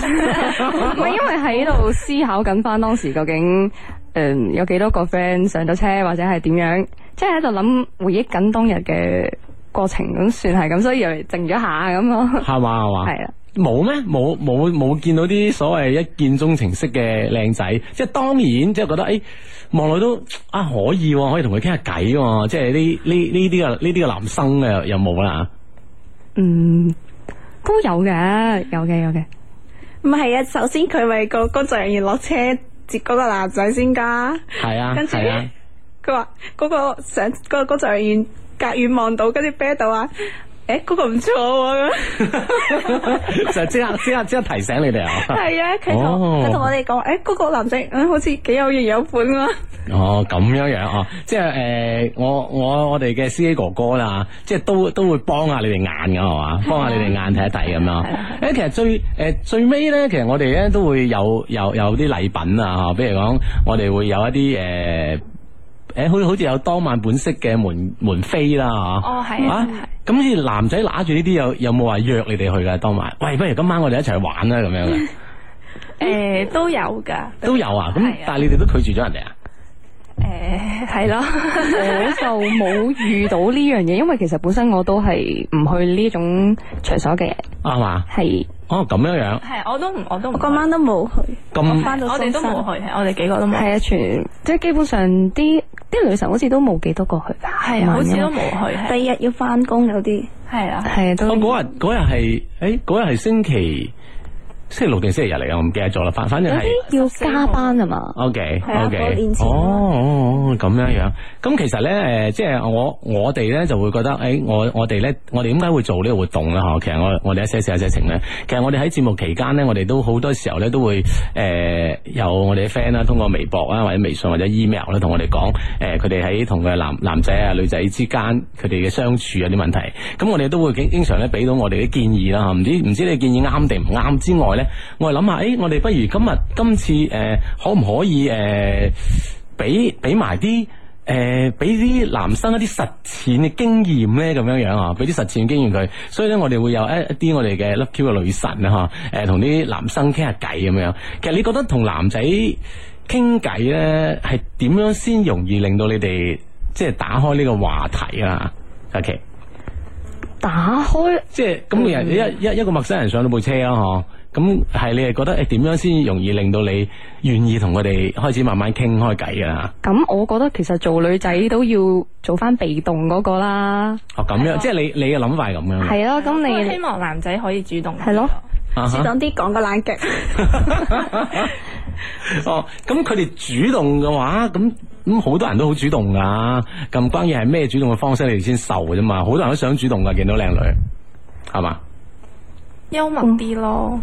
唔係因為喺度思考緊翻當時究竟誒有幾多個 friend 上咗車或者係點樣？即係喺度諗回憶緊當日嘅過程咁，算係咁，所以又嚟靜咗下咁咯。係嘛係嘛？係啊，冇咩？冇冇冇見到啲所謂一見鍾情式嘅靚仔？即係當然，即係覺得誒，望落都啊可以，可以同佢傾下偈。即係呢呢呢啲嘅呢啲嘅男生嘅又冇啦。嗯。都有嘅，有嘅，有嘅。唔係啊，首先佢咪個工作人員落車接嗰個男仔先噶。係啊，跟住咧，佢話嗰個上嗰個工作人員隔遠望到，跟住邊度啊？誒，嗰、欸那個唔錯喎，就 即 刻即刻即刻提醒你哋啊！係啊，佢同佢同我哋講，誒、欸，嗰、那個男仔誒，好似幾有型有款啊 哦！哦，咁樣樣啊，即係誒，我我我哋嘅司機哥哥啦，即係都都會幫下你哋眼嘅係嘛，幫、啊、下你哋眼睇一睇咁樣。誒、啊欸，其實最誒、呃、最尾咧，其實我哋咧都會有有有啲禮品啊，吓，比如講我哋會有一啲誒。嗯嗯誒，好好似有當晚本色嘅門門飛啦，吓，咁似男仔揦住呢啲，有有冇話約你哋去噶當晚？喂，不如今晚我哋一齊玩啦，咁樣嘅。誒，都有噶，都有啊，咁但係你哋都拒絕咗人哋啊？誒，係咯，我就冇遇到呢樣嘢，因為其實本身我都係唔去呢種場所嘅人。啱嘛？係，哦咁樣樣，係，我都唔，我都今晚都冇去，咁我哋都冇去，我哋幾個都冇，係啊，全即係基本上啲。啲女神好似都冇幾多過去，係的好似都冇去。的第日要翻工有啲係啊，係啊。咁、哎、嗰日嗰日係，誒，嗰日係星期。星期六定星期日嚟啊！我唔記得咗啦，反反正係要加班啊嘛。OK OK，哦哦哦，咁樣、嗯哦哦哦、樣。咁、嗯嗯嗯、其實咧，誒，即係我我哋咧就會覺得，誒、欸，我我哋咧，我哋點解會做呢個活動咧？吓，其實我我哋一些事一些情咧，其實我哋喺節目期間咧，我哋都好多時候咧都會誒、呃、有我哋啲 friend 啦，通過微博啊或者微信或者 email 咧同我哋講，誒佢哋喺同佢男男仔啊女仔之間佢哋嘅相處有啲問題，咁、嗯、我哋都會經常咧俾到我哋啲建議啦嚇，唔知唔知你建議啱定唔啱之外咧。我哋諗下，誒、欸，我哋不如今日今次誒、呃，可唔可以誒，俾俾埋啲誒，俾啲、呃、男生一啲實踐嘅經驗咧，咁樣樣啊，俾啲實踐經驗佢。所以咧，我哋會有一一啲我哋嘅 Love Q 嘅女神啊，吓，誒，同啲男生傾下偈咁樣。其實你覺得同男仔傾偈咧，係點樣先容易令到你哋即係打開呢個話題啊？阿奇，打開，即係咁每人，一一一,一,一,一,一,一,一個陌生人上到部車啊。嗬。嗯咁係你係覺得誒點樣先容易令到你願意同佢哋開始慢慢傾開偈㗎？咁我覺得其實做女仔都要做翻被動嗰個啦。哦，咁樣即係你你嘅諗法係咁樣。係咯，咁你希望男仔可以主動。係咯，主動啲，講個冷極。哦，咁佢哋主動嘅話，咁咁好多人都好主動噶。咁關鍵係咩主動嘅方式你哋先受啫嘛？好多人都想主動噶，見到靚女係嘛？幽默啲咯，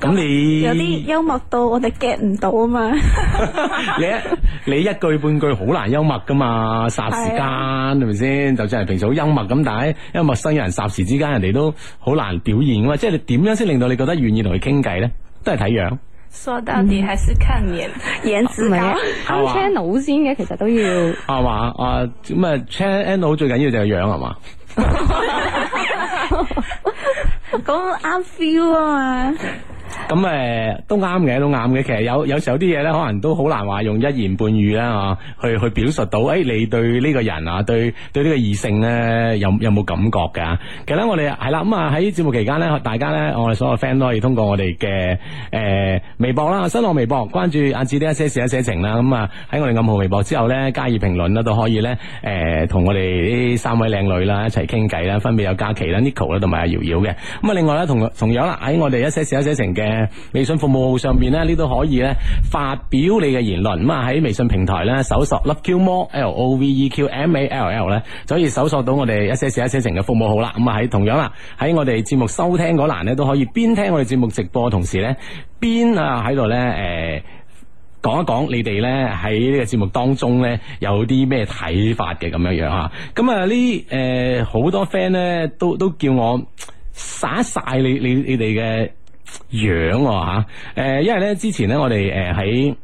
咁你、嗯、有啲幽默到我哋 get 唔到啊嘛？ 你一你一句半句好難幽默噶嘛？霎時間係咪先？就算係平時好幽默咁，但係因為陌生人霎時之間，人哋都好難表現啊嘛。即係你點樣先令到你覺得願意同佢傾偈咧？都係睇樣。So definitely，係先吸引，樣子、嗯、啊，channel、啊啊啊、先嘅，其實都要啊，話啊咁啊 channel 最緊要就係樣係嘛。咁啱 feel 啊嘛～咁誒都啱嘅，都啱嘅。其實有有時候啲嘢咧，可能都好難話用一言半語啦嚇，去去表述到。誒，你對呢個人啊，對對呢個異性咧，有有冇感覺㗎？其實咧，我哋係啦，咁啊喺節目期間咧，大家咧，我哋所有 friend 都可以通過我哋嘅誒微博啦，新浪微博關注阿志啲一些事一些情啦。咁啊喺我哋暗號微博之後咧，加以評論啦，都可以咧誒同我哋呢三位靚女啦一齊傾偈啦，分別有嘉琪啦、Nico 啦同埋阿瑤瑤嘅。咁啊，另外咧同同樣啦喺我哋一些事一些情嘅。微信服務號上邊咧，呢都可以咧發表你嘅言論。咁啊喺微信平台咧，搜索 LoveQ More，L O V E Q M A L L 咧，就可以搜索到我哋一些事一些情嘅服務號啦。咁啊喺同樣啦，喺我哋節目收聽嗰欄咧，都可以邊聽我哋節目直播同時咧，邊啊喺度咧誒講一講你哋咧喺呢個節目當中咧有啲咩睇法嘅咁樣樣啊。咁啊呢誒好多 friend 咧都都叫我晒晒你你你哋嘅樣吓，誒，因為咧之前咧我哋誒喺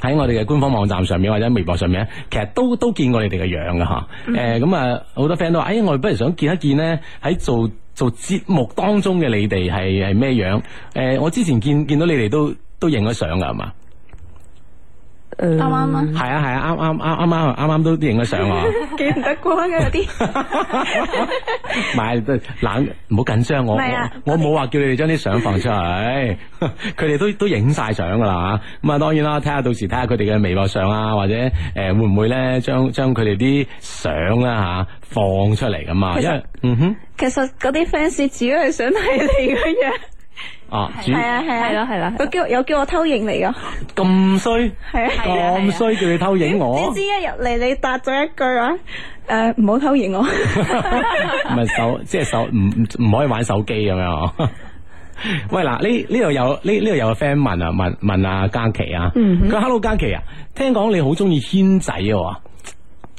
喺我哋嘅官方網站上面或者微博上面咧，其實都都見過你哋嘅樣噶吓，誒、mm，咁啊好多 friend 都話，哎，我哋不如想見一見咧喺做做節目當中嘅你哋係係咩樣？誒、呃，我之前見見到你哋都都影咗相噶，係嘛？啱啱啊！係啊係啊，啱啱啱啱啱啱都影咗相啊，剛剛剛剛剛剛 見唔得光嘅有啲。唔係， 冷唔好緊張。我、啊、我冇話叫你哋將啲相放出嚟，佢哋 都都影晒相噶啦咁啊，當然啦，睇下到時睇下佢哋嘅微博上啊，或者誒會唔會咧將將佢哋啲相啊吓放出嚟咁啊。其實因為嗯哼，其實嗰啲 fans 只要係想睇你嘅嘢。哦，係啊係啊係啦係啦，佢叫又叫我偷影嚟噶，咁衰，係啊，咁衰叫你偷影我，點知一入嚟你答咗一句啊，誒、呃，唔好偷影我，唔 係 手，即、就、係、是、手，唔唔可以玩手機咁樣 喂嗱，呢呢度有呢呢度有個 friend 問，問，問啊，問問阿嘉琪啊，佢 hello 嘉琪啊，聽講你好中意軒仔啊。」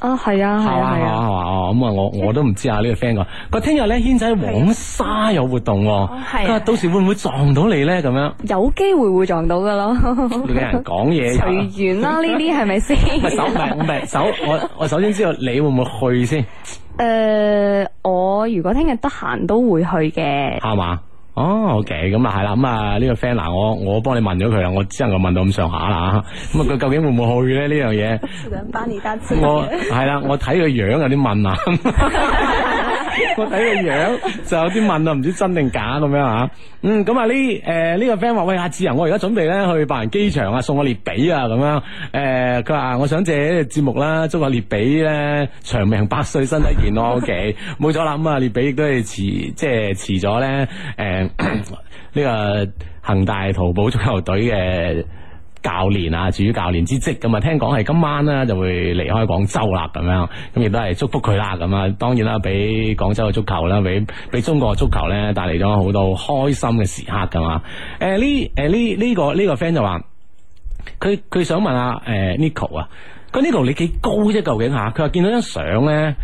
哦、啊，係 啊，係啊，係啊，係嘛，咁啊，我我都唔知啊，呢、這個 friend 話，佢聽日咧軒仔喺黃沙有活動，佢話、啊啊啊、到時會唔會撞到你咧？咁樣有機會會撞到噶咯，啲 人講嘢，隨緣啦，呢啲係咪先？係，首我我首先知道你會唔會去先？誒、 嗯，我如果聽日得閒都會去嘅，係嘛？哦、oh，OK，咁啊係啦，咁啊呢個 friend 嗱，我我幫你問咗佢啦，我只能問到咁上下啦，咁啊佢究竟會唔會去咧？呢樣嘢，我係啦，我睇佢樣有啲問啊。 我睇個樣就有啲問啊，唔知真定假咁樣吓。嗯，咁、呃這個、啊呢誒呢個 friend 話喂阿智仁，我而家準備咧去白雲機場啊送我列比啊咁樣。誒、呃，佢話我想借呢節目啦，祝我列比咧長命百歲、身體健康。OK，冇咗啦，咁啊列比亦都係遲即係遲咗咧。誒，呢、這個恒大淘寶足球隊嘅。教練、呃呃這個這個、啊，至於教練之職，咁啊聽講係今晚咧就會離開廣州啦，咁樣咁亦都係祝福佢啦，咁啊當然啦，俾廣州嘅足球啦，俾俾中國嘅足球咧帶嚟咗好多開心嘅時刻噶嘛。誒呢誒呢呢個呢個 friend 就話，佢佢想問阿誒 Nico 啊，佢 Nico 你幾高啫？究竟吓？佢話見到張相咧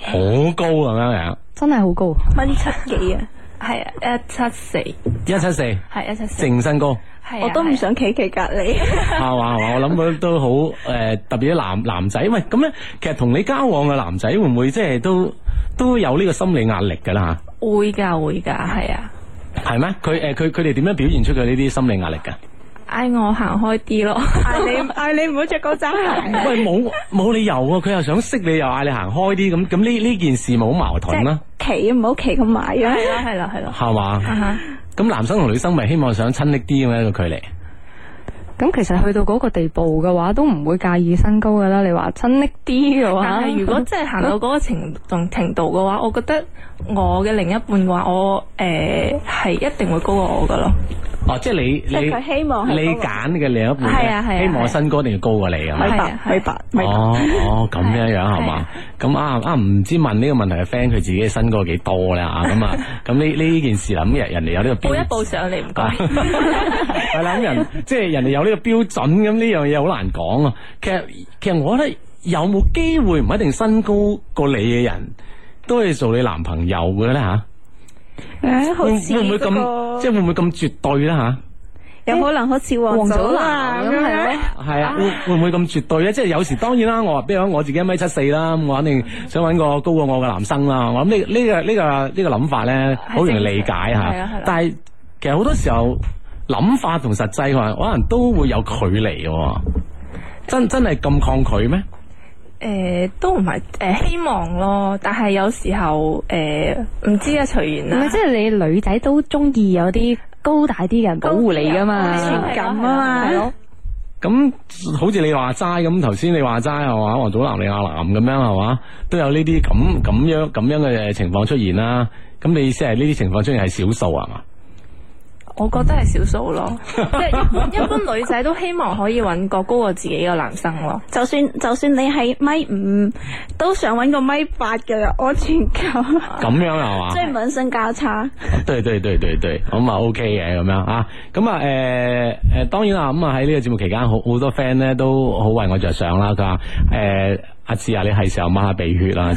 好高咁樣，真係好高，一七四啊，係一七四，一七四係一七四，淨身高。我都唔想企企隔籬。係嘛嘛，我諗都都好誒，特別男男仔，喂咁咧，其實同你交往嘅男仔會唔會即係都都有呢個心理壓力噶啦吓？會噶會噶，係啊。係咩？佢誒，佢佢哋點樣表現出佢呢啲心理壓力噶？嗌我開 行開啲咯，嗌你嗌你唔好着高踭鞋。喂，冇冇理由啊！佢又想識你，又嗌你行開啲，咁咁呢呢件事冇矛盾啦，啊。企，唔好企咁埋啦，係啦係啦，係嘛。 咁吧、uh huh. 男生同女生咪希望想親昵啲咁樣一個距離。咁其實去到嗰個地步嘅話，都唔會介意身高噶啦。你話親昵啲嘅話， 如果真係行到嗰個程度程度嘅話， 我覺得。我嘅另一半話，我誒係一定會高過我噶咯。哦，即係你，即係佢希望你揀嘅另一半，係啊係啊，希望我身高一定要高過你啊。米八，米八。哦哦，咁樣樣係嘛？咁啊啊，唔知問呢個問題嘅 friend 佢自己身高幾多咧？啊，咁啊，咁呢呢件事啦，咁人人哋有呢個，一步一步上嚟唔該。係啦，啲人即係人哋有呢個標準，咁呢樣嘢好難講啊。其實其實我覺得有冇機會唔一定身高過你嘅人？都係做你男朋友嘅咧吓，哎、會會唔、這個、會咁即係會唔會咁絕對咧吓？欸、有可能好似黃祖藍咁係咩？係啊，會唔會咁絕對咧？即係有時、啊、當然啦，我話比如講我自己一米七四啦，我肯定想搵個高過我嘅男生啦。我諗呢呢個呢、這個呢、這個諗、這個、法咧，好容易理解吓。的但係其實好多時候諗、嗯、法同實際可，可能都會有距離嘅，真真係咁抗拒咩？誒、呃，都唔係誒，希望咯，但係有時候誒，唔、呃、知啊，隨緣啦。 嗯、即係你女仔都中意有啲高大啲嘅人保護你噶嘛，安全感啊嘛。咁好似你話齋咁，頭先你話齋，係嘛？王祖藍李亞男咁樣係嘛，都有呢啲咁咁樣咁樣嘅情況出現啦。咁你意思係呢啲情況出現係少數啊係嘛？我覺得係少數咯，即係 一般一般女仔都希望可以揾個高過自己嘅男生咯，就算就算你係米五，都想揾個米八嘅，安全感啊。咁樣係嘛？即係本身交叉，對對對對對，咁啊 OK 嘅咁樣啊，咁啊誒誒，當然啦，咁啊喺呢個節目期間，好好多 friend 咧都好為我着想啦，佢話誒。呃阿志啊，你係時候抹下鼻血啦，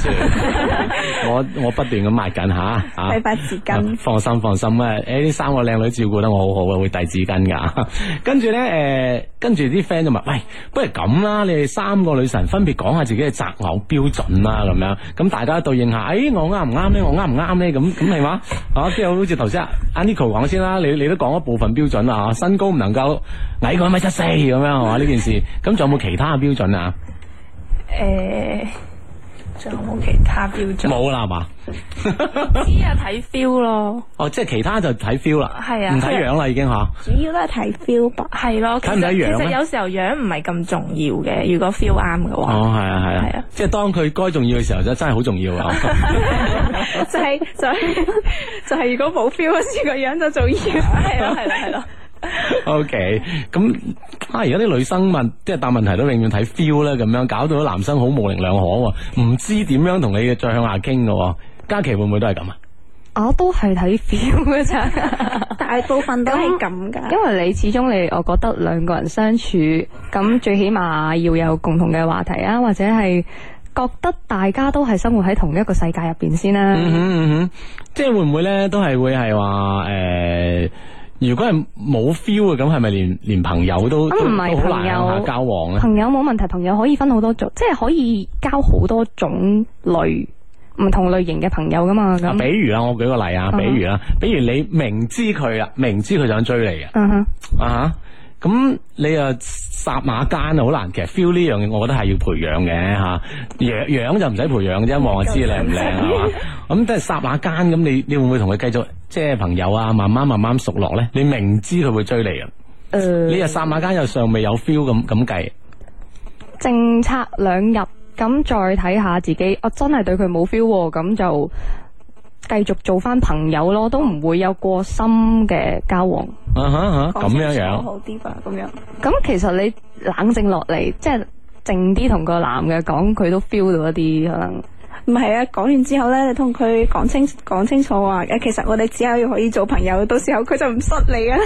我我不斷咁抹緊吓，啊，紙巾，放心放心啊！誒，呢三個靚女照顧得我好好啊，會遞紙巾噶。跟住咧，誒，跟住啲 friend 就問，喂，不如咁啦，你哋三個女神分別講下自己嘅擇偶標準啦，咁樣咁大家對應下，誒，我啱唔啱咧？我啱唔啱咧？咁咁係嘛？啊，即係好似頭先阿 Nicole 講先啦，你你都講一部分標準啦，身高唔能夠矮過一米七四咁樣，係嘛？呢件事，咁仲有冇其他嘅標準啊？誒，仲有冇其他標準？冇啦嘛，知啊睇 feel 咯。哦，即係其他就睇 feel 啦，係啊，唔睇樣啦已經吓。主要都係睇 feel，係咯。睇唔睇樣？其實有時候樣唔係咁重要嘅，如果 feel 啱嘅話。哦，係啊，係啊，係啊。即係當佢該重要嘅時候，就真係好重要啊。就係就係就係，如果冇 feel 嗰時，個樣就重要。係咯，係咯，係咯。O K，咁啊，而家啲女生問，即係答問題都永遠睇 feel 啦。咁樣搞到男生好模棱兩可喎，唔知點樣同你嘅，再向下傾嘅，嘉琪會唔會都係咁啊？我都係睇 feel 嘅咋， 大部分都係咁噶。因為你始終你，我覺得兩個人相處咁，最起碼要有共同嘅話題啊，或者係覺得大家都係生活喺同一個世界入邊先啦，啊嗯。嗯哼即係會唔會呢？都係會係話誒。欸如果係冇 feel 嘅，咁係咪連連朋友都唔、啊、都好難交往咧？朋友冇問題，朋友可以分好多種，即係可以交好多種類唔同類型嘅朋友噶嘛、啊。比如啦，我舉個例啊，比如啦，uh huh. 比如你明知佢啊，明知佢想追你啊，啊、uh！Huh. Uh huh. 咁你啊，撒馬奸啊，好難。其實 feel 呢樣嘢，我覺得係要培養嘅吓。樣、啊、樣就唔使培養啫，望 就知靚唔靚係嘛？咁都係撒馬奸咁，你你會唔會同佢繼續即係朋友啊？慢慢慢慢熟落咧？你明知佢會追你啊，呃、你又撒馬奸又尚未有 feel 咁咁計，政策兩入，咁再睇下自己。我真係對佢冇 feel，咁就。繼續做翻朋友咯，都唔會有過深嘅交往。啊咁樣樣。好啲吧，咁樣。咁其實你冷靜落嚟，即係靜啲同個男嘅講，佢都 feel 到一啲可能。唔係啊，講完之後咧，你同佢講清講清楚話，誒，其實我哋只係可以做朋友，到時候佢就唔失你啊。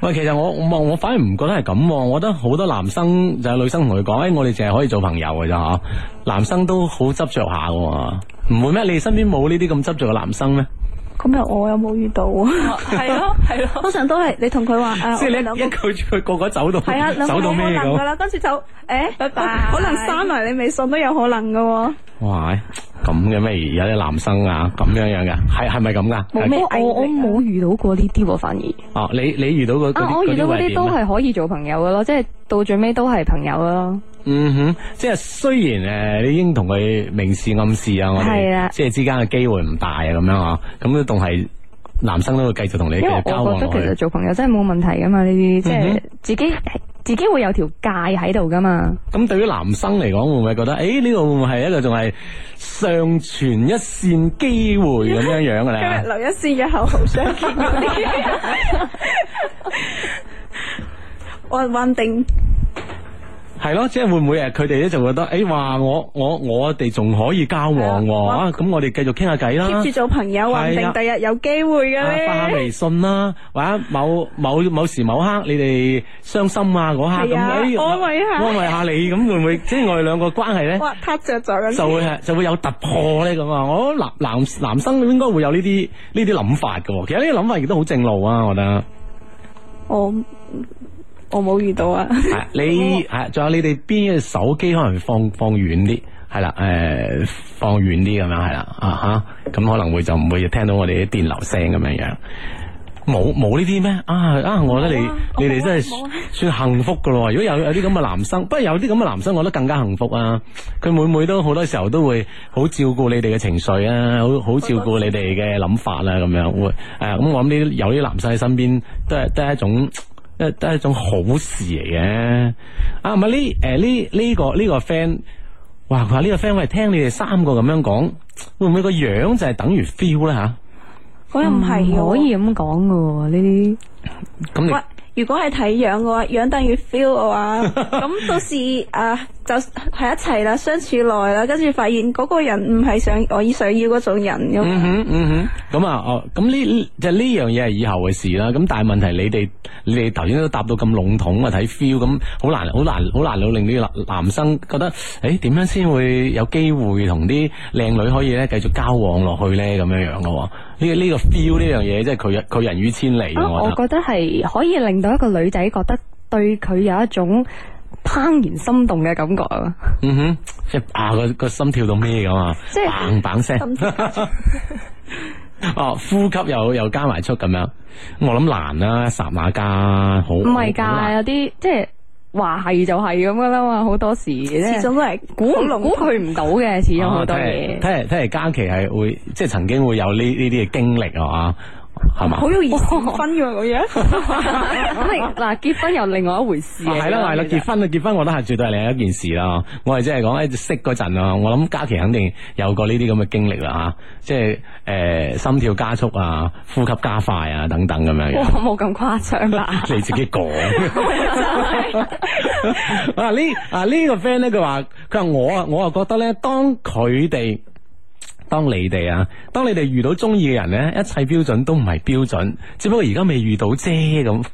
喂，其實我我，我反而唔覺得係咁、啊，我覺得好多男生就係、是、女生同佢講，誒、哎，我哋淨係可以做朋友嘅咋。」嗬。男生都好執着下噶、啊，唔會咩？你身邊冇呢啲咁執着嘅男生咩？今日我有冇遇到啊？係咯，係咯，通常都係你同佢話，即係你兩句佢個個走到。係啊，兩句話可能噶啦，跟住，就誒，哎、拜拜，可能刪埋你微信都有可能噶喎。哇，咁嘅咩？有啲男生啊，咁樣是是樣嘅，係係咪咁噶我我我冇遇到過呢啲喎，反而哦、啊，你你遇到個、啊、我遇到嗰啲都係可以做朋友噶咯，即係到最尾都係朋友咯。嗯哼，即係雖然誒，你已經同佢明示暗示啊，我哋即係之間嘅機會唔大啊，咁樣嗬，咁都仲係男生都會繼續同你嘅交往落去。我覺得其實做朋友真係冇問題噶嘛，呢啲即係自己自己會有條界喺度噶嘛。咁對於男生嚟講，會唔會覺得誒，呢個會唔會係一個仲係尚存一線機會咁樣樣咧？留一線，日後好相見。話唔定。係咯，即係會唔會誒？佢哋咧就覺得誒，話我我我哋仲可以交往喎，咁我哋繼續傾下偈啦。keep 住做朋友，定第日有機會嘅咧。發下微信啦，或者某某某時某刻，你哋傷心啊，嗰刻咁樣安慰下，安慰下你，咁會唔會即係我哋兩個關係咧？哇！撻着咗啦，就會係就會有突破咧咁啊！我諗男男男生應該會有呢啲呢啲諗法噶，其實呢啲諗法亦都好正路啊！我覺得我。我冇遇到啊你！你係仲有你哋邊嘅手機可能放放遠啲係啦，誒、呃、放遠啲咁樣係啦，啊吓咁、啊、可能會就唔會聽到我哋啲電流聲咁樣樣。冇冇呢啲咩？啊啊！我覺得你、啊、你哋真係算、啊、算幸福噶咯。如果有有啲咁嘅男生， 不過有啲咁嘅男生，我覺得更加幸福啊。佢每、每每都好多時候都會好照顧你哋嘅情緒啊，好好照顧你哋嘅諗法啦、啊，咁樣會誒。咁、啊啊啊、我諗呢有啲男生喺身邊都係都係一種。都係一種好事嚟嘅。嗯、啊，唔係呢？誒，呢呢、呢個呢、呢個 friend，哇！佢話呢個 friend，我喂，聽你哋三個咁樣講，會唔會個樣就係等於 feel 咧吓？我又唔係可以咁講噶喎，呢啲。咁些，如果係睇樣嘅話，樣等於 feel 嘅話，咁 到時啊。就喺一齊啦，相處耐啦，跟住發現嗰個人唔係想我想要嗰種人咁。嗯、哼，嗯哼，咁啊哦，咁呢就呢樣嘢係以後嘅事啦。咁但係問題你哋你哋頭先都答到咁籠統啊，睇 feel 咁好難好難好難，難難難令呢男男生覺得誒，點、欸、樣先會有機會同啲靚女可以咧繼續交往落去咧咁樣樣、啊、咯？呢、這、呢個 feel 呢樣嘢、嗯，即係拒拒人於千里。我覺得係、啊、可以令到一個女仔覺得對佢有一種怦然心動嘅感覺啊！嗯哼，即係啊個個心跳到咩咁啊！即係砰砰聲， 哦，呼吸又又加埋速咁樣，我諗難啦、啊，撒馬加，好唔係噶，難有啲即係話係就係咁噶啦嘛，好多時始終都係估唔估佢唔到嘅，始終好多嘢。睇嚟睇嚟，嘉琪係會即係曾經會有呢呢啲嘅經歷啊！係嘛，好容易分嘅嗰嘢，咁咪嗱結婚又另、， 啊、另外一回事嘅，係啦係啦，結婚啊結婚，我都係絕對係另一件事啦。我係即係講，喺識嗰陣啊，我諗嘉琪肯定有過呢啲咁嘅經歷啦吓，即係誒心跳加速啊、呼吸加快啊等等咁樣我冇咁誇張噶，啊哦、 你自己講啊呢啊呢個 friend 咧，佢話佢話我啊，這個、我又覺得咧，當佢哋。當你哋啊，當你哋遇到中意嘅人咧，一切標準都唔係標準，只不過而家未遇到啫咁，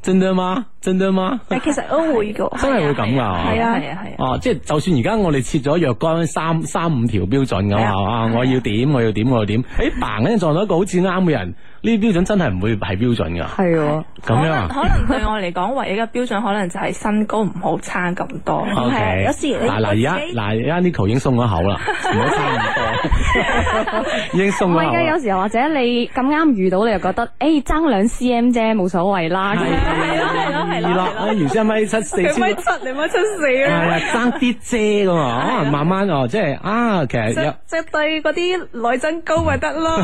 真啲啊嘛，真啲啊嘛。但其實會 都會嘅，真係會咁噶。係啊係啊係啊。哦、啊，即係、啊啊啊、就算而家我哋設咗若干三三五條標準咁啊，啊我，我要點我要點我要點，誒 b a 咧撞到一個好似啱嘅人。 呢啲標準真係唔會係標準嘅。係喎，咁樣可能對我嚟講，唯一嘅標準可能就係身高唔好差咁多。OK，有嗱嗱而家嗱而家 Nico 已經鬆咗口啦，唔好差咁多，已經鬆咗口。唔係啊，有時候或者你咁啱遇到你又覺得，誒，爭兩 cm 啫，冇所謂啦。係咯係咯係咯，啊原先一米七四，一米七你一米七四啦，係啊爭啲啫㗎嘛，可能慢慢哦，即係啊其實即對嗰啲內增高咪得咯。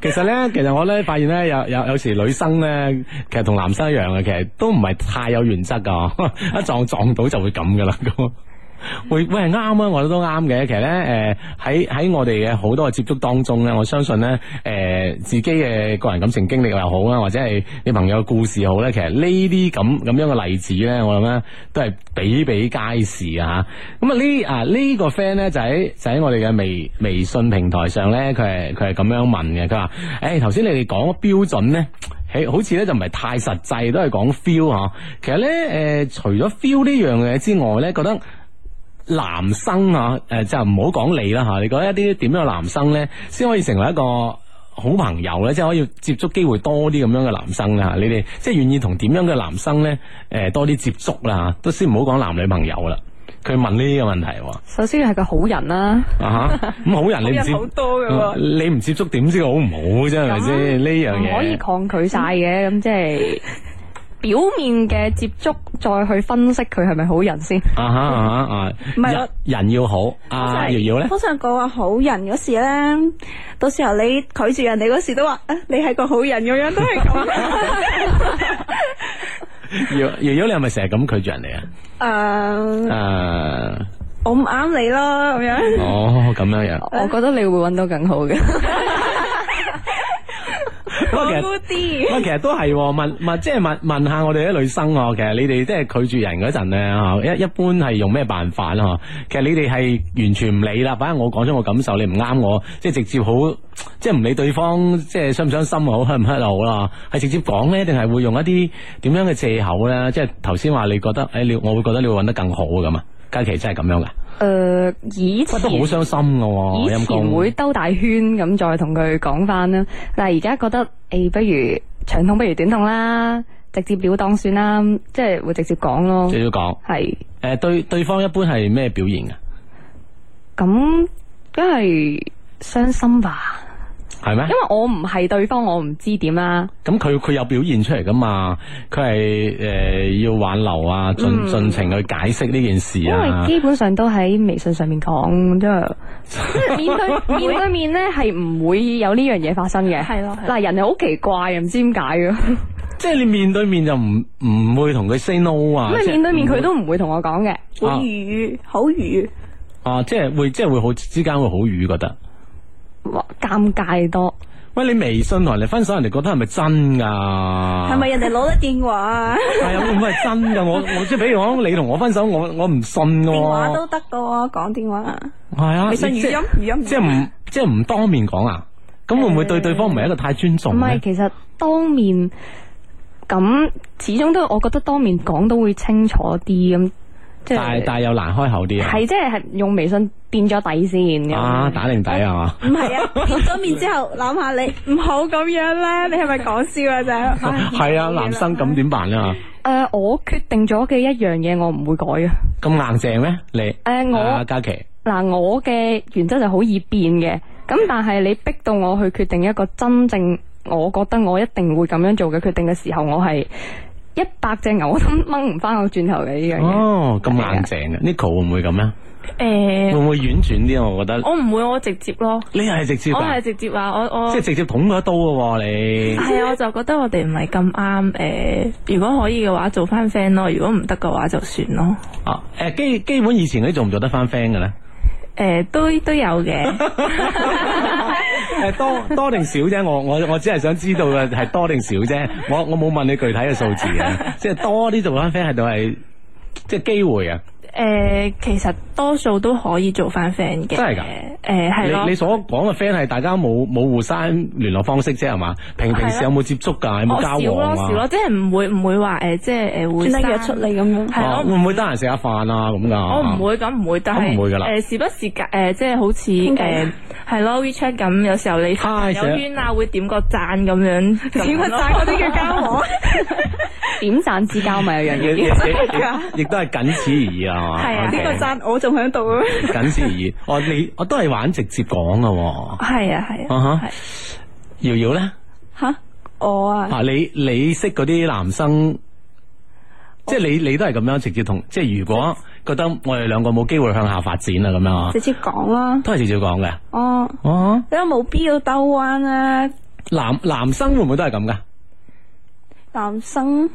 其實咧，其實我咧發現咧有有有時女生咧，其實同男生一樣嘅，其實都唔係太有原則噶， 一撞撞到就會咁噶啦。 會會係啱啊！我諗都啱嘅。其實咧，誒喺喺我哋嘅好多嘅接觸當中咧，我相信咧，誒、呃、自己嘅個人感情經歷又好啦，或者係你朋友嘅故事好咧，其實呢啲咁咁樣嘅例子咧，我諗咧都係比比皆是啊。咁啊、這個、呢啊呢個 friend 咧就喺就喺我哋嘅微微信平台上咧，佢係佢係咁樣問嘅。佢話：誒、哎，頭先你哋講個標準咧、哎，好似咧就唔係太實際，都係講 feel 嗬、啊。其實咧，誒、呃、除咗 feel 呢樣嘢之外咧，覺得。男生啊，誒、呃，即唔好講你啦吓，你覺得一啲點樣嘅男生咧，先可以成為一個好朋友咧，即係可以接觸機會多啲咁樣嘅男生啊，你哋即係願意同點樣嘅男生咧，誒、呃，多啲接觸啦吓，都先唔好講男女朋友啦。佢問呢個問題，首先係個好人啦、啊，咁、 啊嗯、好人你知好多嘅，你唔接觸點知佢好唔好啫，係咪先？呢、啊、樣嘢、嗯、可以抗拒晒嘅，咁即係。表面嘅接觸，再去分析佢係咪好人先。啊哈啊，唔係咯，人要好啊，瑤瑤咧。通常講話好人嗰時咧，到時候你拒絕人哋嗰時都話，你係個好人，咁樣都係咁。瑤瑤，你係咪成日咁拒絕人哋啊？誒誒，我唔啱你咯，咁樣。哦，咁樣樣。我覺得你會揾到更好嘅。我孤啲，我其實都係問問，即係問問，問下我哋啲女生，其實你哋即係拒絕人嗰陣咧嚇，一一般係用咩辦法咯？嚇，其實你哋係完全唔理啦，反正我講出我感受，你唔啱我，即係直接好，即係唔理對方，即係傷唔傷心好，黑唔黑又好啦，係直接講咧，定係會用一啲點樣嘅借口咧？即係頭先話你覺得，誒你我會覺得你會揾得更好咁啊！假期真係咁樣嘅，誒以前好傷心嘅，以前，以前會兜大圈咁再同佢講翻啦。但係而家覺得，誒、欸、不如長痛不如短痛啦，直接了當算啦，即係會直接講咯。直接講係誒對對方一般係咩表現嘅？咁梗係傷心吧。係咩？因為我唔係對方，我唔知點啊。咁佢佢有表現出嚟噶嘛？佢係誒要挽留啊，盡盡情去解釋呢件事啊。嗯嗯、因為基本上都喺微信上面講，即係 面對面對面咧係唔會有呢樣嘢發生嘅。係咯，嗱人哋好奇怪，唔知點解嘅。即係你面對面就唔唔會同佢 say no 啊？因為，面對面佢都唔會同我講嘅，好愚、啊，好愚。啊，即係會，即係會好之間會好愚，覺得。尷尬多，喂，你微信同人哋分手，人哋覺得係咪真噶？係咪人哋攞得電話啊？係 啊、哎，唔係真噶，我我即係比如講，你同我分手，我我唔信喎。電話都得噶，講電話。係啊，你信語音即語音語即，即係唔即係唔當面講啊？咁會唔會對對方唔係一個太尊重？唔係、欸，其實當面咁始終都，我覺得當面講都會清楚啲咁。但係但係又難開口啲啊，係即係係用微信墊咗底先啊，打定底係嘛？唔係啊，熟咗面之後諗下你唔好咁樣啦，你係咪講笑啊？就係啊，男生咁點辦啊？誒，我決定咗嘅一樣嘢，我唔會改嘅。咁硬淨咩？你誒，我嘉琪嗱，我嘅原則就好易變嘅，咁但係你逼到我去決定一個真正我覺得我一定會咁樣做嘅決定嘅時候，我係。一百隻牛都掹唔翻個轉頭嘅呢樣嘢。 哦，咁硬淨嘅，Nico 會唔會咁咧？誒、欸，會唔會婉轉啲啊？我覺得我唔會，我直接咯。你係直接，我直接，我係直接話，我我即係直接捅佢一刀嘅、啊。你係啊，我就覺得我哋唔係咁啱。誒、呃，如果可以嘅話，做翻 friend 咯；如果唔得嘅話，就算咯。哦，誒，基基本以前你以做唔做得翻 friend 嘅咧？誒、呃，都都有嘅，誒， 多多定少啫。我我我只係想知道嘅係多定少啫。我我冇問你具體嘅數字啊， 即係多啲做翻 friend 喺度係，即係機會啊。誒，其實多數都可以做翻 friend 嘅。真係噶？誒，係你你所講嘅 friend 係大家冇冇互相聯絡方式啫，係嘛？平平時有冇接觸噶？有冇交往啊？少咯，少咯，即係唔會唔會話誒，即係誒會即係約出嚟咁樣。係咯。會唔會得閒食下飯啊？咁噶？我唔會，咁唔會，但係誒時不時嘅誒，即係好似誒係咯 WeChat 咁，有時候你朋友圈啊，會點個讚咁樣，點讚嗰啲叫交往？點讚之交咪有樣嘢。亦都係僅此而已啊！係啊，呢個讚我仲響度啊！僅此而，我你我都係玩直接講噶。係啊，係啊。啊哈，瑤瑤咧？吓我啊？啊你你識嗰啲男生，即係你你都係咁樣直接同，即係如果覺得我哋兩個冇機會向下發展啊，咁樣啊？直接講啦，都係直接講嘅。哦哦，因爲冇必要兜彎啊。男男生會唔會都係咁噶？男生。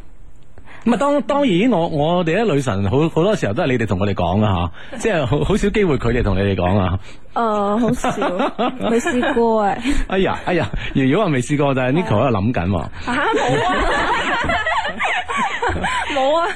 咁啊，當當然我我哋咧女神，好好多時候都係你哋同我哋講噶吓，即係好好少機會佢哋同你哋講啊。誒、呃，好少，未試 過啊。哎呀，哎呀，瑤瑤、哎、呀啊，未試過但係 Niko 喺度諗緊。吓，冇啊，冇 啊。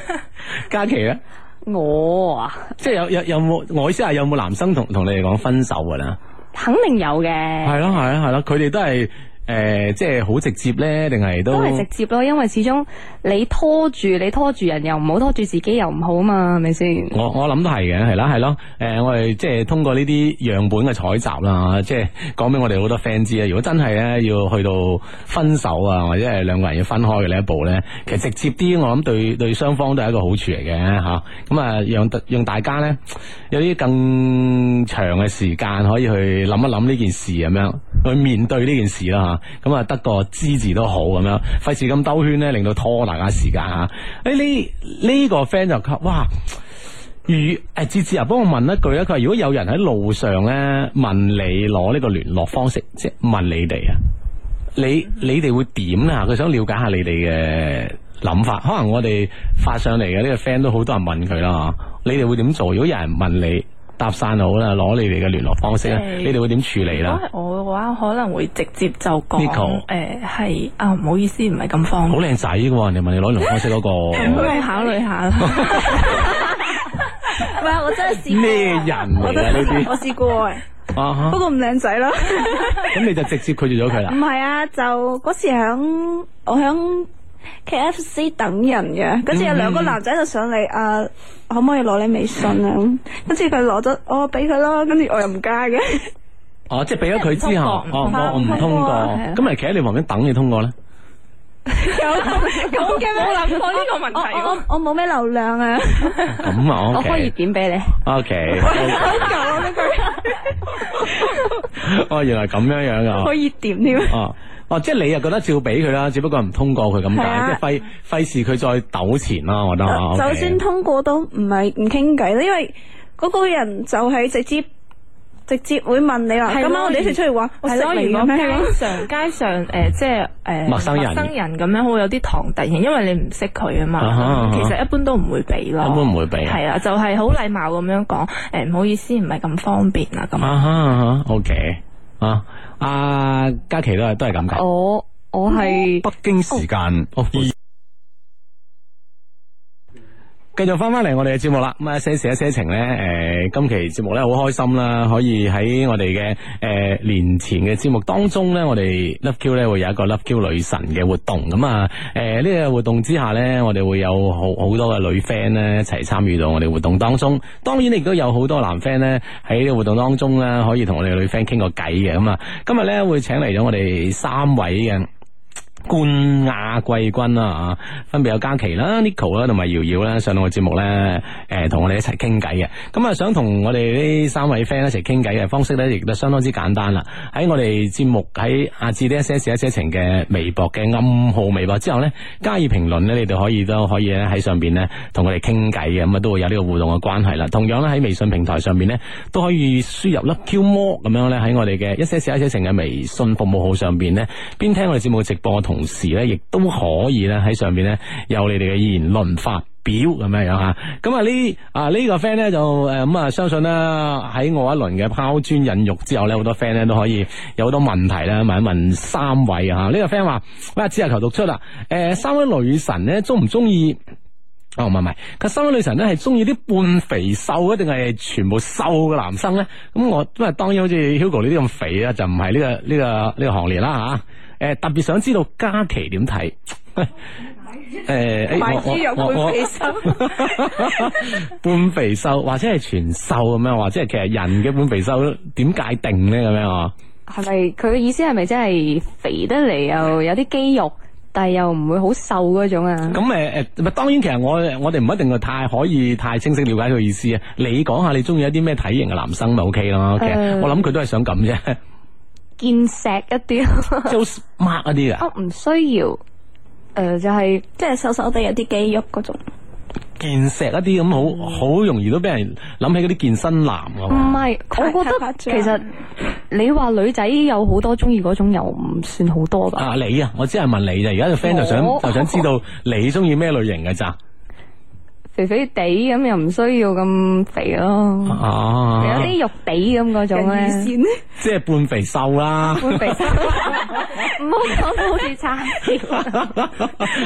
嘉琪咧，我啊，即係有有有冇？我意思係有冇男生同同你哋講分手噶啦？肯定有嘅。係咯，係咯，係咯，佢哋都係。誒、呃，即係好直接咧，定係都都係直接咯，因為始終你拖住你拖住人又唔好，拖住自己又唔好啊嘛，係咪先？我我諗都係嘅，係啦，係咯。誒、呃，我哋即係通過呢啲樣本嘅採集啦，即係講俾我哋好多 friend 知啊。如果真係咧要去到分手啊，或者係兩個人要分開嘅呢一步咧，其實直接啲，我諗對對雙方都係一個好處嚟嘅吓。咁啊，讓讓大家咧有啲更長嘅時間可以去諗一諗呢件事，咁樣去面對呢件事啦、啊咁啊，得個知字都好咁樣，費事咁兜圈咧，令到拖大家時間吓。誒、哎，呢呢、這個 friend 就話，哇，與誒，節節啊，幫我問一句啊。佢話如果有人喺路上咧問你攞呢個聯絡方式，即係問你哋啊，你你哋會點啊？佢想了解下你哋嘅諗法。可能我哋發上嚟嘅呢個 friend 都好多人問佢啦。你哋會點做？如果有人問你？搭訕好啦，攞你哋嘅聯絡方式，欸、你哋會點處理啦？我嘅話可能會直接就講，誒係 Nico?、欸、啊，唔好意思，唔係咁方便。好靚仔嘅喎，你問你攞聯絡方式嗰、那個，咁我考慮下啦。唔係，我真係試咩人嚟啊呢啲？我試過啊，不過唔靚仔啦。咁 你就直接拒絕咗佢啦？唔係啊，就嗰時響我響。我 KFC 等人嘅，跟住有兩個男仔就上嚟，啊，可唔可以攞你微信啊？跟住佢攞咗，我俾佢咯，跟住我又唔加嘅。哦，即係俾咗佢之後，我唔通過，咁咪企喺你旁邊等你通過咧？有咁嘅冇諗過呢個問題？我我冇咩流量啊。咁啊，我可以點俾你。O K。哦，我原來咁樣樣噶開熱點添啊。哦，即係你又覺得照俾佢啦，只不過唔通過佢咁解，即係費費事佢再糾纏啦，我覺得。就算通過都唔係唔傾偈，因為嗰個人就係直接直接會問你話，今晚我哋一齊出去玩。係咯，如果街上街上誒，即係誒，陌生人陌生人咁樣，會有啲唐突型，因為你唔識佢啊嘛。其實一般都唔會俾咯，一般唔會俾。係啊，就係好禮貌咁樣講，誒，唔好意思，唔係咁方便啊，咁啊 OK 啊！阿嘉琪都係都係咁講。我我係北京時間哦。繼續翻翻嚟，我哋嘅節目啦，咁啊一些事一些情咧，誒、呃，今期節目咧好開心啦，可以喺我哋嘅誒年前嘅節目當中咧，我哋 Love Q 咧會有一個 Love Q 女神嘅活動，咁、嗯、啊，誒、呃、呢、這個活動之下咧，我哋會有好好多嘅女 friend 咧一齊參與到我哋活動當中，當然亦都有好多男 friend 咧喺活動當中咧可以同我哋女 friend 傾個偈嘅，咁、嗯、啊今日咧會請嚟咗我哋三位嘅。冠亞季軍啦、啊、分別有嘉琪啦、Nico 啦同埋瑤瑤啦上到我節目咧，誒、呃、同我哋一齊傾偈嘅。咁、嗯、啊，想同我哋呢三位 friend 一齊傾偈嘅方式咧，亦都相當之簡單啦。喺我哋節目喺阿志啲一些事一些情嘅微博嘅暗號微博之後咧，加以評論咧，你哋可以都可以咧喺上邊咧同我哋傾偈嘅，咁啊都會有呢個互動嘅關係啦。同樣咧喺微信平台上邊咧，都可以輸入粒 Q 魔咁樣咧喺我哋嘅一些事一些情嘅微信服務號上邊咧，邊聽我哋節目直播。同時咧，亦都可以咧喺上邊咧有你哋嘅言論發表咁樣樣吓。咁啊、這個、呢啊呢個 friend 咧就誒咁啊相信啦，喺我一輪嘅拋磚引玉之後咧，好多 friend 咧都可以有好多問題咧問一問三位啊呢、這個 friend 話咩？自、啊、由球讀出啦。誒、呃，三位女神咧中唔中意？哦，唔係唔係，佢三位女神咧係中意啲半肥瘦一定係全部瘦嘅男生咧？咁我因為當然好似 Hugo 呢啲咁肥啊，就唔係呢個呢、這個呢、這個這個行列啦吓。啊誒，特別想知道嘉琪點睇？誒，我我，我 半肥瘦，或者全瘦或者半肥瘦，或者係全瘦咁樣，或者係其實人嘅半肥瘦點界定咧咁樣啊？係咪佢嘅意思係咪真係肥得嚟又有啲肌肉，但係又唔會好瘦嗰種啊？咁誒誒，咪、呃、當然，其實我我哋唔一定太可以太清晰了解佢意思啊。你講下你中意一啲咩體型嘅男生咪 OK 咯？呃、其實我諗佢都係想咁啫。健碩一啲，即係好 mark 一啲啊！唔、哦、需要，誒、呃，就係即係瘦瘦地有啲肌肉嗰種健碩一啲咁，好好、嗯、容易都俾人諗起嗰啲健身男。唔係是，太我覺得其實你話女仔有好多中意嗰種又唔算好多吧？啊，你啊，我只係問你咋？而家個 friend 就想就我想知道你中意咩類型嘅咋？肥肥哋，咁又唔需要咁肥咯，有啲 肉地咁嗰種咧，即係半肥瘦啦。唔好講，唔好亂插。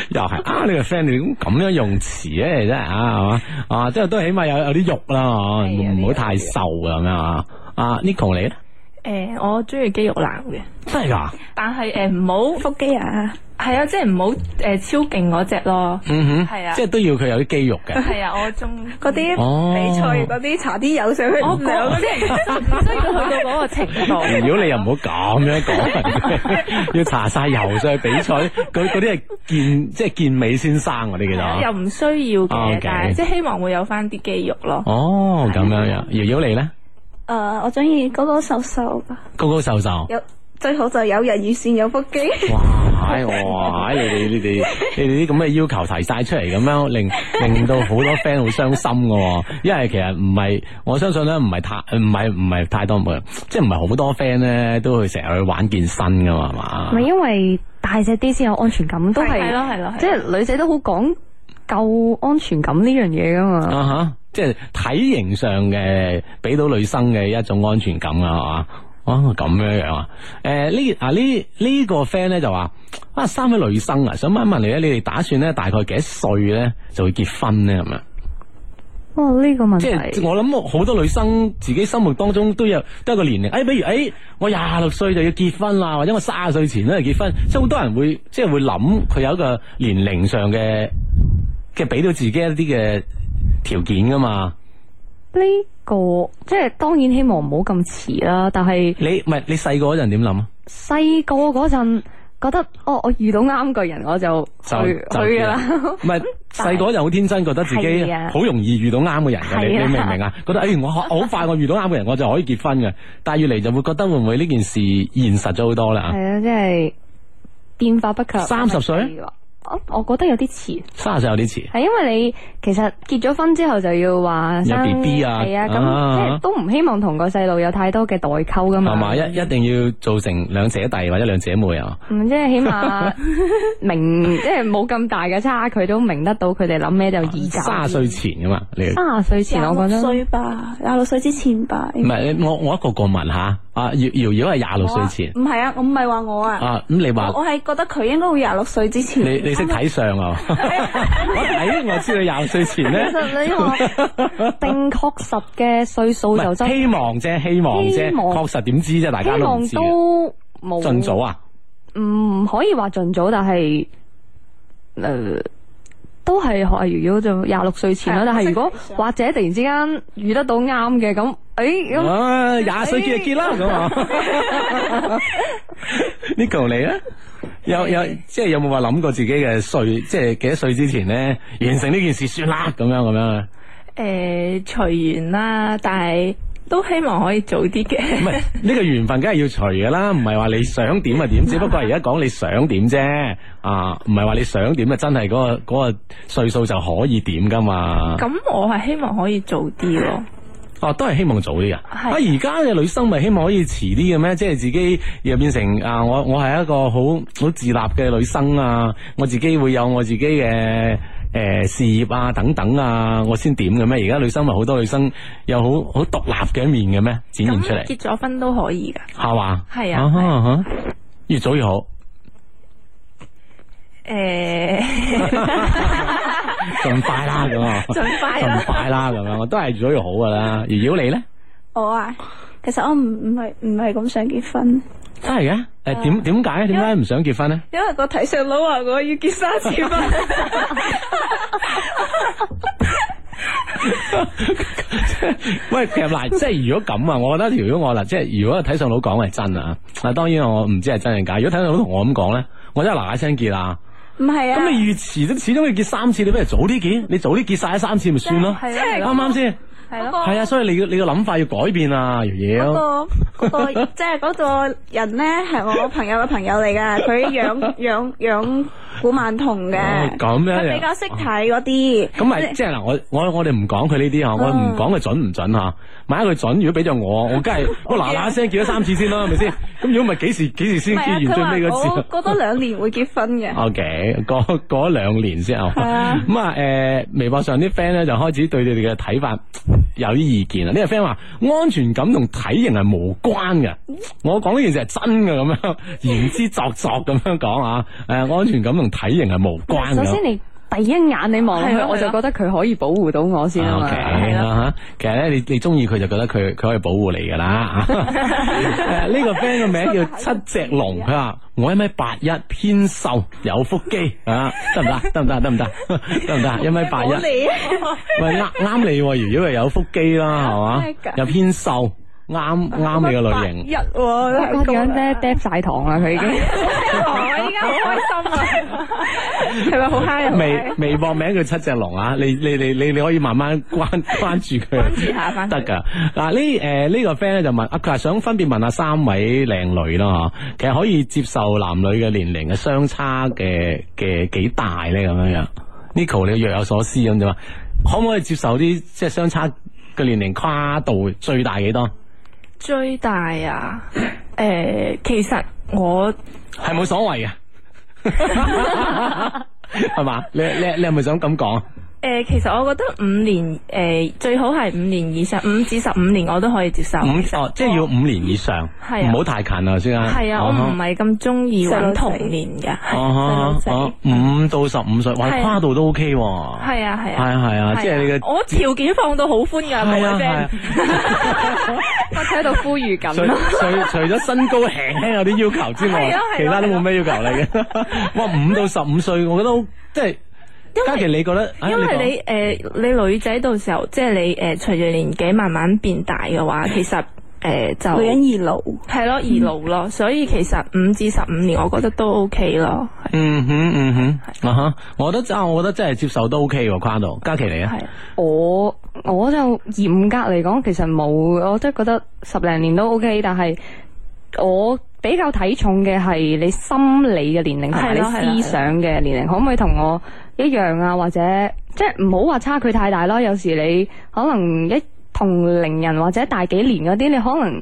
又係啊，你個 friend 你咁樣用詞咧，真係啊，係嘛啊，即係都起碼有有啲肉啦，唔好 太瘦咁樣 啊。阿 Nico 你咧？ 誒，我中意肌肉男嘅。真係噶？但係誒，唔好腹肌啊。係啊，即係唔好誒超勁嗰隻咯。嗯哼，係啊，即係都要佢有啲肌肉嘅。係啊，我中意嗰啲比賽嗰啲搽啲油上去。瑤瑤，嗰啲真係唔需要去到嗰個程度。如果你又唔好咁樣講，要搽晒油上去比賽，佢嗰啲係健即係健美先生嗰啲叫做。又唔需要嘅，但係即係希望會有翻啲肌肉咯。哦，咁樣樣，瑤瑤你咧？誒，uh, 我中意高高瘦瘦，高高瘦瘦，有最好就有人魚線，有腹肌。 哇！哇！你哋你哋你哋啲咁嘅要求提晒出嚟咁樣，令令到好多 friend 好傷心噶。因為其實唔係，我相信咧唔係太唔係唔係太多人，即係唔係好多 friend 咧都會成日去玩健身噶嘛，係嘛？唔係因為大隻啲先有安全感，都係係咯係咯，即係但女仔都好講。夠安全感呢樣嘢噶嘛？啊哈、uh！Huh, 即係體型上嘅，俾到女生嘅一種安全感、mm hmm. 啊，係嘛、呃？啊咁樣樣啊？誒，呢啊呢呢個 friend 咧就話啊，三個女生啊，想問一問你咧，你哋打算咧大概幾多歲咧就會結婚咧？係咪哦，呢、這個問題，即係我諗好多女生自己心目當中都有都有一個年齡誒、哎，比如誒、哎，我廿六歲就要結婚啦，或者我卅歲前咧就結婚，即係好多人會即係會諗佢有一個年齡上嘅。即係俾到自己一啲嘅條件噶嘛？呢、這個即係當然希望唔好咁遲啦。但係你唔係你細個嗰陣點諗？細個嗰陣覺得哦，我遇到啱嘅人我就去就，就去啦。唔係細個嗰陣好天真，覺得自己好容易遇到啱嘅人嘅、啊。你你明唔明啊？覺得誒、哎，我好快我遇到啱嘅人，我就可以結婚嘅。但係越嚟就會覺得會唔會呢件事現實咗好多啦？係啊， 即係變化不強三十歲。我我覺得有啲遲，卅歲有啲遲，係因為你其實結咗婚之後就要話有 B B 啊，係啊，咁即係都唔希望同個細路有太多嘅代溝噶嘛，係嘛，一一定要做成兩姐弟或者兩姐妹啊，咁即係起碼明， 即係冇咁大嘅差距都明得到佢哋諗咩就二。卅歲前噶嘛，你卅歲前我覺得，我廿六歲吧，廿六歲之前吧。唔係不，我我一個個問吓。啊！瑤瑤如果係廿六歲前，唔係啊，啊，我唔係話我啊。啊，咁、嗯、你話我係覺得佢應該會廿六歲之前。你你識睇相啊？我睇，我知道你廿六歲前咧。定 實你確實嘅歲數就真。希望啫，希望啫，確望實點知啫？大家都望都冇盡早啊？唔、嗯、可以話盡早，但係，誒、呃。都係學阿瑤做廿六歲前啦，的但係如果或者突然之間遇得到啱嘅咁，誒，廿歲結就結啦咁啊！呢個你咧有有即係有冇話諗過自己嘅歲即係幾多歲之前咧完成呢件事算啦？咁樣咁樣誒，隨緣啦，但係。都希望可以早啲嘅。唔係呢個緣分，梗係要除噶啦，唔係話你想點就點， 只不過係而家講你想點啫。啊，唔係話你想點啊，真係嗰個嗰個歲數就可以點噶嘛。咁 我係希望可以早啲咯。哦、啊，都係希望早啲的啊。係。而家嘅女生咪希望可以遲啲嘅咩？即係自己又變成啊，我我係一個好好自立嘅女生啊，我自己會有我自己嘅。誒，事業啊，等等啊，我先點嘅咩？而家女生咪好多女生有好好獨立嘅一面嘅咩？展現出嚟，結咗婚都可以噶，係嘛、啊吧？係啊，uh huh, uh huh. 越早越好。誒、欸，盡快啦咁啊，盡快啦， 快啦咁樣，我 快啦 都係越早越好噶啦。如果你咧， 我啊，其實我唔唔係唔係咁想結婚。真係嘅，誒點點解？點解唔想結婚咧？因為個睇相佬話我要結三次婚。喂，其實嗱，即係如果咁啊，我覺得如果我啦，即係如果睇相佬講係真啊，嗱，當然我唔知係真定假。如果睇相佬同我咁講咧，我真係嗱一聲結啦。唔係是啊，咁你預遲都始終要結三次，你不如早啲結，你早啲結晒三次咪算咯。即係啱啱先？ 係咯，係啊，所以你要你個諗法要改變啊，瑤瑤。嗰個嗰個即係嗰個人咧，係我朋友嘅朋友嚟噶，佢養養養古曼童嘅，佢比較識睇嗰啲。咁咪即係嗱，我我我哋唔講佢呢啲啊，我唔講佢準唔準啊。萬一佢準，如果俾咗我，我梗係我嗱嗱聲叫咗三次先啦，係咪先？咁如果唔係幾時幾時先見完最尾嗰次？我過多兩年會結婚嘅。OK，過過咗兩年先啊。咁啊，誒，微博上啲 friend 咧就開始對你哋嘅睇法。有啲意見啊，呢個 friend 話安全感同體型係無關嘅，我講呢件事係真嘅，咁樣言之鑿鑿咁樣講啊，誒，安全感同體型係無關嘅。第一眼你望落去，我就覺得佢可以保護到我先啊嘛。其實咧，你你中意佢就覺得佢佢可以保護你噶啦。呢個 friend 嘅名叫七隻龍，佢話我一米八一，偏瘦，有腹肌啊，得唔得？得唔得？得唔得？得唔得？一米八一，喂，啱你，如果係有腹肌啦，係嘛，又偏瘦，啱啱你個類型。一，佢已經咧嗒晒糖啦，佢已經。我依家好開心啊！係咪好 high？微微博名叫七隻龍啊！你你你你你可以慢慢關關注佢，關注、關注下得噶嗱呢？誒、啊、呢、呢個 friend 咧就問，佢話想分別問下三位靚女啦吓，其實可以接受男女嘅年齡嘅相差嘅嘅幾大咧咁樣樣 Nicole 你若有所思咁就話，可唔可以接受啲即係相差嘅年齡跨度最大幾多？最大啊？誒、呃，其實我係冇所謂嘅。係嘛？你你你係咪想咁講？誒，其實我覺得五年誒最好係五年以上，五至十五年我都可以接受。五哦，即係要五年以上，唔好太近啊，先係。係啊，我唔係咁中意同年嘅。哦五到十五歲，或跨度都 OK。係啊係啊。係啊係啊，即係。我條件放到好寬噶，係啊我喺度呼籲緊。除除除咗身高輕輕有啲要求之外，其他都冇咩要求嚟嘅。哇，五到十五歲，我覺得即係。家琪，你覺得？因為你誒，你女仔到時候即係你誒，隨住年紀慢慢變大嘅話，其實誒、呃、就女人易老係咯，易老咯，嗯、所以其實五至十五年，我覺得都 OK 咯。嗯哼，嗯哼，是啊哈，我覺得真、ok 啊我我，我覺得真係接受都 OK 喎，跨度。嘉琪你咧？我我就嚴格嚟講，其實冇，我真係覺得十零年都 OK，但係我比較睇重嘅係你心理嘅年齡同埋你思想嘅年齡，可唔可以同我？一樣啊，或者即係唔好話差距太大咯。有時你可能一同齡人或者大幾年嗰啲，你可能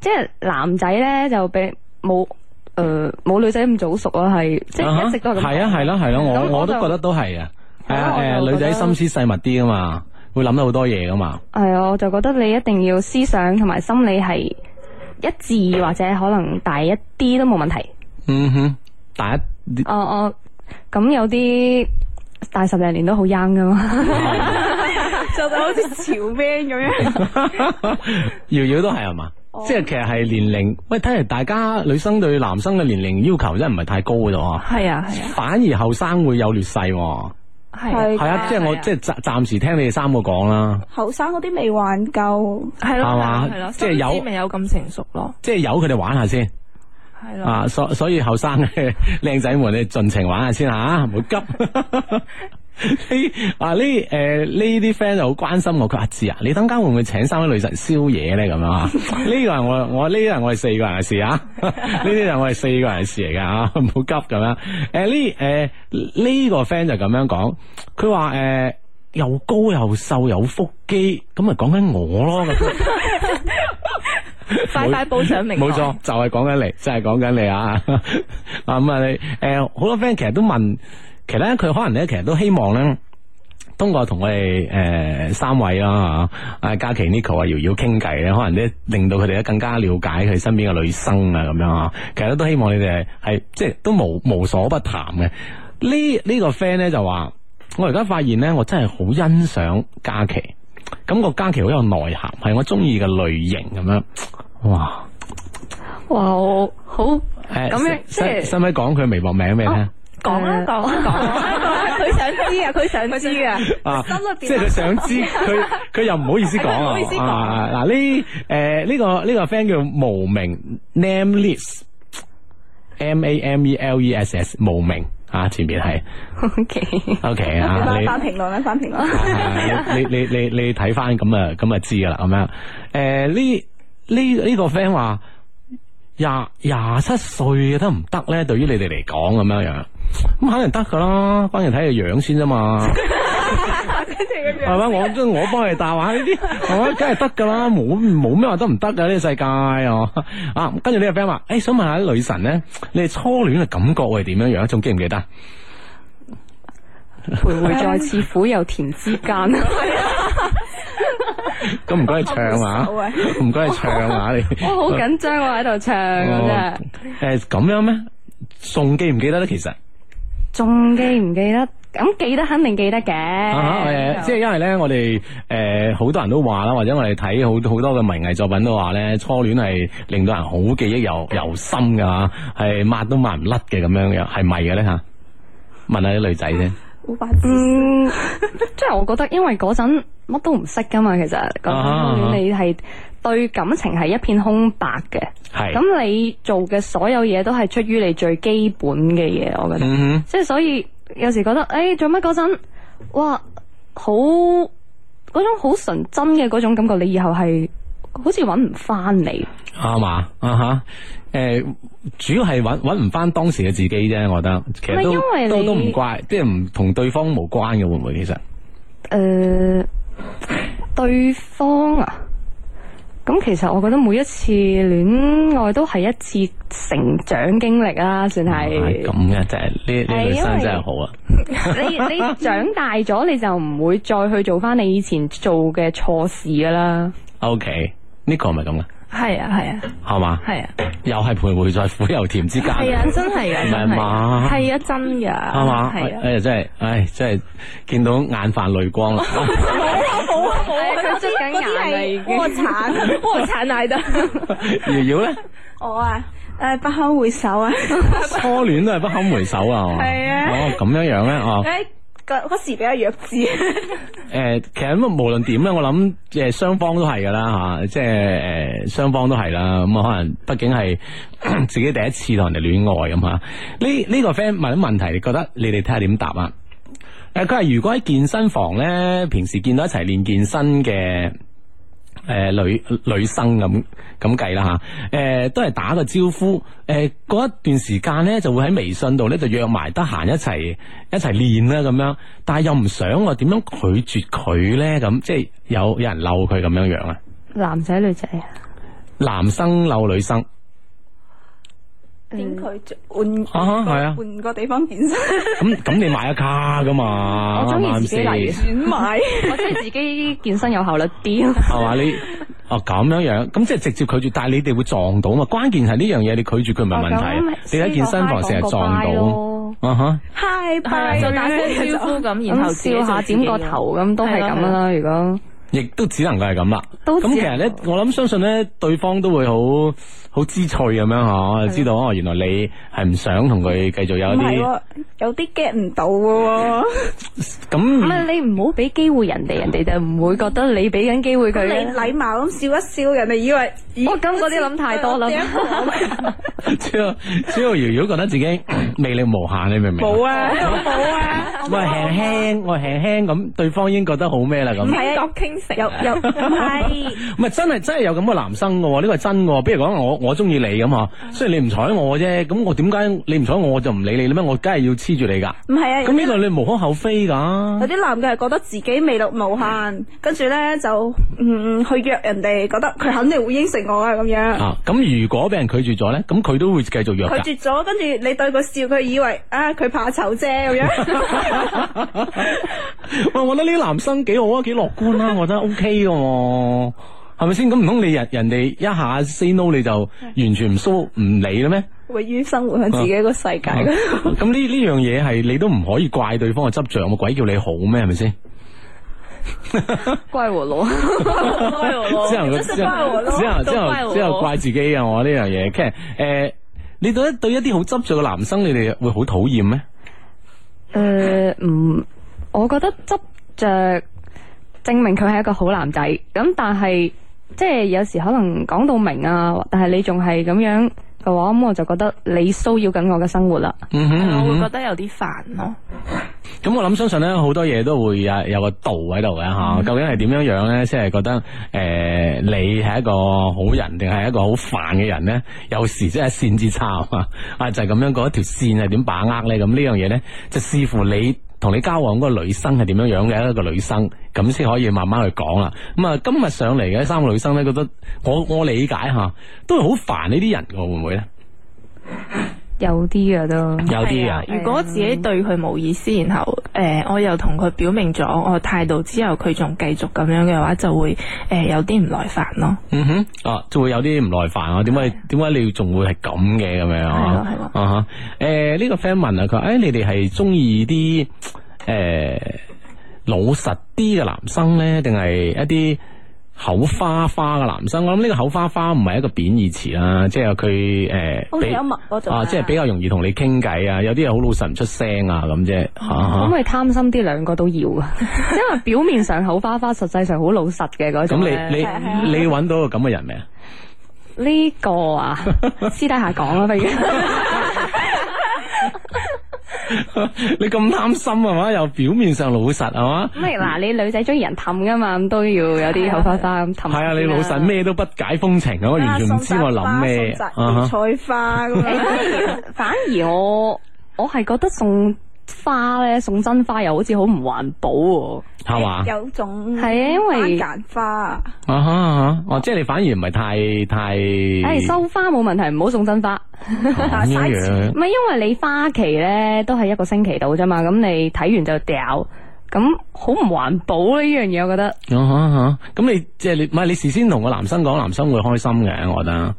即係男仔咧就比冇誒冇女仔咁早熟咯，係即係一直都係咁樣，係啊，係咯，係咯，我我都覺得都係啊。誒，女仔心思細密啲啊嘛，會諗到好多嘢啊嘛。係啊，我就覺得你一定要思想同埋心理係一致，或者可能大一啲都冇問題。嗯哼，大一啲哦哦，咁有啲。大十零年都好 young 噶嘛，就就好似潮 man 咁樣，瑤瑤都係啊嘛，即係其實係年齡，喂，睇嚟，大家女生對男生嘅年齡要求真係唔係太高嘅咯，係啊係啊，反而後生會有劣勢，係係啊，即係我即係暫暫時聽你哋三個講啦，後生嗰啲未玩夠，係咯係嘛，即係有未有咁成熟咯，即係有佢哋玩下先。啊， 所以所以後生嘅靚仔們，你盡情玩下先吓，唔好急。呢啊呢誒呢啲 friend 就好關心我，佢話志啊，你等間會唔會請三位女神宵夜咧？咁樣啊？呢個係我我呢個係我哋四個人嘅事啊，呢啲係我哋四個人嘅事嚟噶啊，唔好急咁 樣。誒呢誒呢個 friend 就咁樣講，佢話誒又高又瘦又腹肌，咁咪講緊我咯。 快快報上名，冇錯，就係講緊你，就係講緊你啊！啊咁啊，誒，好多 friend 其實都問，其實咧佢可能咧，其實都希望咧，通過同我哋誒、呃、三位啦，啊，阿嘉琪、Nico 啊、瑤瑤傾偈咧，可能咧令到佢哋咧更加了解佢身邊嘅女生啊，咁樣啊，其實都希望你哋係即係都無無所不談嘅。呢呢、呢個 friend 咧就話，我而家發現咧，我真係好欣賞嘉琪。咁個嘉琪好有內涵，係我中意嘅類型咁樣，哇哇，我好誒，即係使唔使講佢微博名畀你聽？講講講，佢想知啊，佢想知啊心入邊，即係佢想知，佢佢又唔好意思講啊，啊意思嗱呢誒呢個呢個 friend 叫無名，nameless，m a m e l e s s，無名。啊！前面係，OK，OK 啊，你翻評論啦，翻評論，你你你你睇翻咁啊咁啊知噶啦咁樣。誒，欸，這個、呢呢呢個 friend 話廿廿七歲得唔得咧？對於你哋嚟講咁樣樣，咁、嗯、肯定得噶啦，關鍵睇下樣先啫嘛。 係嘛， 我我幫你答話呢啲，係嘛？梗係得噶啦冇冇咩話得唔得噶呢個世界哦。啊，跟住呢個 friend 話，誒、欸，想問下女神咧，你哋初戀嘅感覺係點樣樣？仲記唔記得？徘徊在似苦又甜之間。咁唔該你唱啊，唔 該你唱啊，你我好緊張，我喺度唱啫。誒、欸，咁樣咩？仲記唔記得咧？其實仲記唔記得？咁記得，肯定記得嘅，吓吓，誒，即係因為咧，我哋誒好多人都話啦，或者我哋睇好好多嘅文藝作品都話咧，初戀係令到人好記憶猶猶深噶，係抹都抹唔甩嘅咁樣嘅，係咪嘅咧吓？問下啲女仔先，嗯，即係我覺得，因為嗰陣乜都唔識噶嘛，其實講初戀，你係對感情係一片空白嘅，係，咁你做嘅所有嘢都係出於你最基本嘅嘢，我覺得，即係所以。有時覺得誒、欸，做乜嗰陣，哇，好嗰種好純真嘅嗰種感覺，你以後係好似搵唔翻嚟，啱嘛啊吓？誒、啊呃，主要係搵搵唔翻當時嘅自己啫，我覺得。其實因為你都都唔怪，即係唔同對方無關嘅，會唔會其實？誒、呃，對方啊。咁其實我覺得每一次戀愛都係一次成長經歷啦，算係。咁嘅真係呢呢女生真係好啊！你你長大咗，你就唔會再去做翻你以前做嘅錯事噶啦。OK，呢個係咪咁噶？係啊係啊，係嘛？係啊，又係徘徊在苦又甜之間。係啊，真係噶，唔係嘛？係啊，真噶，係嘛？誒，真係，唉，真係見到眼泛淚光啦。好啊好啊，我最近啲係臥蠶臥蠶喺度。瑤瑤咧，我啊，誒、啊、不堪回首啊， 初戀都係不堪回首啊。係啊，咁樣樣咧哦。誒嗰嗰時比較弱智。誒、 欸，其實無論點咧，我諗即係雙方都係噶啦吓、啊，即係誒雙方都係啦。咁啊，可能畢竟係自己第一次同人哋戀愛咁吓。呢、啊、呢、啊這個 friend 問啲問題，你覺得你哋睇下點答啊？誒，佢係如果喺健身房咧，平時見到一齊練健身嘅，誒、呃、女女生，咁咁計啦吓，誒、呃、都係打個招呼，誒、呃、過一段時間咧就會喺微信度咧就約埋得閒一齊一齊練啦咁樣，但係又唔想我點樣拒絕佢咧，咁即係有有人嬲佢咁樣樣啊？男仔女仔啊？男生嬲女生。點佢換啊，係啊，換個地方健身。咁咁，你買一卡噶嘛？我中意自己嚟選買，我中意自己健身有效率啲。係嘛？你哦咁樣樣，咁即係直接拒絕，但係你哋會撞到嘛？關鍵係呢樣嘢，你拒絕佢唔係問題，你喺健身房成日撞到。啊哈，Hi Bye，就打聲招呼咁，然後笑下，點個頭咁，都係咁啦。如果亦都只能夠係咁啦。咁其實咧，我諗相信咧，對方都會好。好知趣咁樣嗬，知道哦。原來你係唔想同佢繼續有啲，有啲 get 唔到嘅。咁唔唔係你唔好俾機會人哋，人哋就唔會覺得你俾緊機會佢。你禮貌咁笑一笑，人哋以為我咁嗰啲諗太多啦。只要只要如果覺得自己魅力無限，你明唔明？冇啊冇啊！我輕輕，我輕輕，咁對方已經覺得好咩啦？咁唔係國傾城又又唔係？唔係真係真係有咁個男生嘅喎，呢個係真嘅。比如講我。我中意你咁嗬，雖然你唔睬我啫，咁我點解你唔睬我，我就唔理你你咩？我梗係要黐住你噶。唔係啊，咁呢度你無可厚非噶，啊。有啲男嘅係覺得自己魅力無限，跟住咧就嗯去約人哋，覺得佢肯定會應承我啊咁樣啊。啊，咁如果俾人拒絕咗咧，咁佢都會繼續約。拒絕咗，跟住你對佢笑，佢以為啊，佢怕醜啫咁樣。我我覺得呢啲男生幾好啊，幾樂觀啊，我覺得 OK 噶，啊。係咪先？咁唔通你人人哋一下 say no 你就完全唔 show，唔是理啦咩？位於生活喺自己一個世界，啊。咁呢呢樣嘢係你都唔可以怪對方嘅執着，有冇鬼叫你好咩？係咪先？怪我咯！怪我咯！之只之後之後之後，之後怪自己啊！我呢樣嘢，其實誒，你對一對一啲好執着嘅男生，你哋會好討厭咩？誒，唔，我覺得執着證明佢係一個好男仔，咁但係。但即係有時可能講到明啊，但係你仲係咁樣嘅話，咁、嗯、我就覺得你騷擾緊我嘅生活啦，係啊、嗯，嗯、我會覺得有啲煩咯。咁我諗相信咧，好、嗯嗯嗯嗯、多嘢都會啊有個度喺度嘅吓，究竟係點樣樣咧即係覺得誒、呃、你係一個好人定係一個好煩嘅人咧？有時即係線之差啊，啊 就係咁樣嗰一條線係點把握咧？咁呢樣嘢咧，就係、是、視乎你。同你交往嗰個女生係點樣樣嘅一個女生，咁先可以慢慢去講啦。咁啊，今日上嚟嘅三個女生呢，覺得我我理解吓，都係好煩呢啲人，會唔會呢？有啲噶都，嗯、有啲、啊啊、如果自己對佢冇意思，然後誒、呃、我又同佢表明咗我態度之後，佢仲繼續咁樣嘅話，就會誒、呃、有啲唔耐煩咯。嗯哼，啊，就會有啲唔耐煩啊？點解點解你仲會係咁嘅咁樣，係咯係咯，啊吓，誒呢個 friend 問啊，佢誒、啊啊呃這個哎、你哋係中意啲誒老實啲嘅男生咧，定係一啲？口花花嘅男生，我諗呢個口花花唔係一個貶義詞啦，即係佢誒，親切幽默嗰種啊，即係比較容易同你傾偈啊，有啲人好老實唔出聲啊咁啫，咁係貪心啲兩個都要啊， 因為表面上口花花，實際上好老實嘅嗰種。咁你你 你揾到個咁嘅人未啊？呢 個啊，私底下講啦，不如。 你咁貪心係嘛？又表面上老實係嘛？咩嗱？你女仔中意人氹噶嘛？都要有啲口花花咁氹。係啊，啊，啊，你老實咩都不解風情啊，我完全唔知我諗咩啊！哈，送雜花、送雜野菜花咁樣。反而我我係覺得仲。花咧，送真花又好似好唔環保喎、啊，係嘛吧？有種係啊，因為揀花啊哦，啊啊啊即係你反而唔係太太。誒、哎，收花冇問題，唔好送真花。唔 係因為你花期咧都係一個星期到啫嘛，咁你睇完就掉，咁好唔環保呢樣嘢我覺得。吓咁、啊啊、你即係、就是、你唔係你事先同個男生講，男生會開心嘅，我覺得。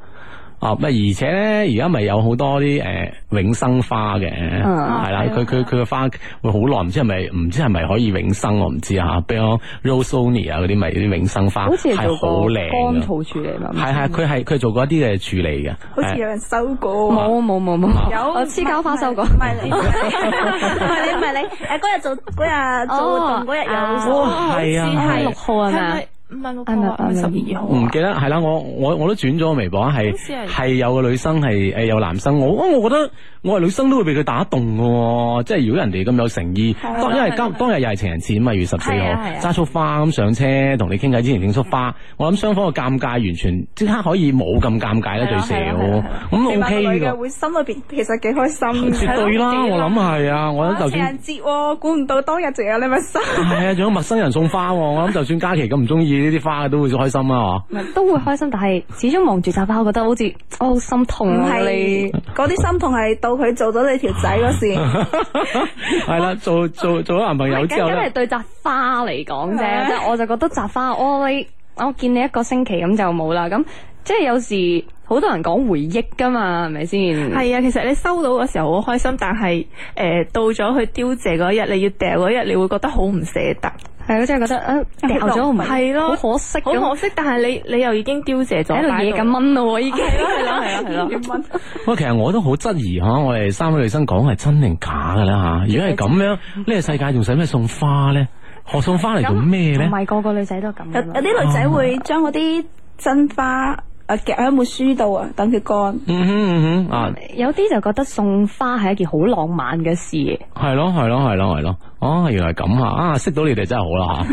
哦，咪而且咧，而家咪有好多啲誒永生花嘅。係啦，佢佢佢嘅花會好耐，唔知係咪唔知係咪可以永生，我唔知嚇。比如 rose only 啊嗰啲咪啲永生花，係好靚。乾燥處理啦，係係佢係佢做過一啲嘅處理嘅。好似有人收過。冇冇冇冇。有黐膠花收過。唔係你，唔係你，唔係你。誒，嗰日做，嗰日做活動，嗰日有。哇，係啊，係啊，六號係啊？五萬六啊！二號唔記得係啦，我我我都轉咗個微博係係有個女生係誒有男生我哦我覺得我係女生都會俾佢打動嘅，即係如果人哋咁有誠意當因為今當日又係情人節咪月十四號揸束花咁上車同你傾偈，之前整束花，我諗雙方嘅尷尬完全即刻可以冇咁尷尬啦，最少咁 ok 嘅，會心裏邊其實幾開心絕對啦，我諗係啊，我諗就算情人節估唔到當日仲有你咪新係啊，仲有陌生人送花，我諗就算嘉琪咁唔中意。呢啲花都會開心啊，嗬，都會開心，但係始終望住扎花，我覺得好似我好心痛啊。唔係，嗰啲心痛係到佢做咗你條仔嗰時，係啦，做做做咗男朋友之後因梗係對紮花嚟講啫。 就我就覺得紮花，我你我見你一個星期咁就冇啦。咁即係有時好多人講回憶㗎嘛，係咪先？係啊， 其實你收到嘅時候好開心，但係誒、呃、到咗去凋謝嗰日，你要掉嗰日，你會覺得好唔捨得。係我真係覺得，誒掉咗唔係，係咯好可惜，好可惜。但係你你又已經凋謝咗，喺度野咁蚊咯，已經係咯係咯係咯，要蚊 我其實我都好質疑吓，我哋三位女生講係真定假噶啦吓。如果係咁樣，呢個、嗯、世界仲使咩送花咧？ 何送花嚟做咩咧？唔係個個女仔都咁。有有啲女仔會將嗰啲真花誒夾喺冇書度啊，等佢乾。啊。有啲就覺得送花係一件好浪漫嘅事。係咯係咯係咯係咯。哦，原來咁啊！啊，識到你哋真係好啦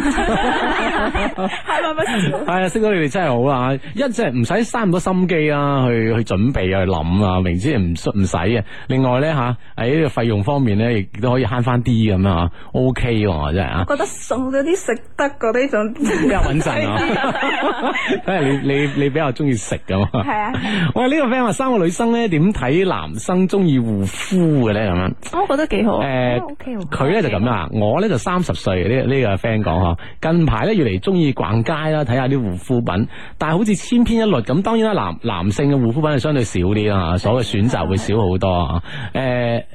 吓，係啊，識到你哋真係好啦，一即係唔使嘥咁多心機啊，去去準備啊，去諗啊，明知唔唔使啊。另外咧吓喺呢個費用方面咧，亦都可以慳翻啲咁啊。OK 喎，真係啊！覺得送咗啲食得，嗰啲就比較穩陣啊。因為你你你比較中意食噶嘛。係啊！喂，呢個 friend 話三個女生咧，點睇男生中意護膚嘅咧咁樣？我覺得幾好誒，OK 佢咧就咁啊。我呢就三十歲，呢、呢、呢個 friend 講吓，近排呢越嚟中意逛街啦，睇下啲護膚品，但係好似千篇一律咁。當然啦，男男性嘅護膚品係相對少啲啦，所謂選擇會少好多。啊。誒。 欸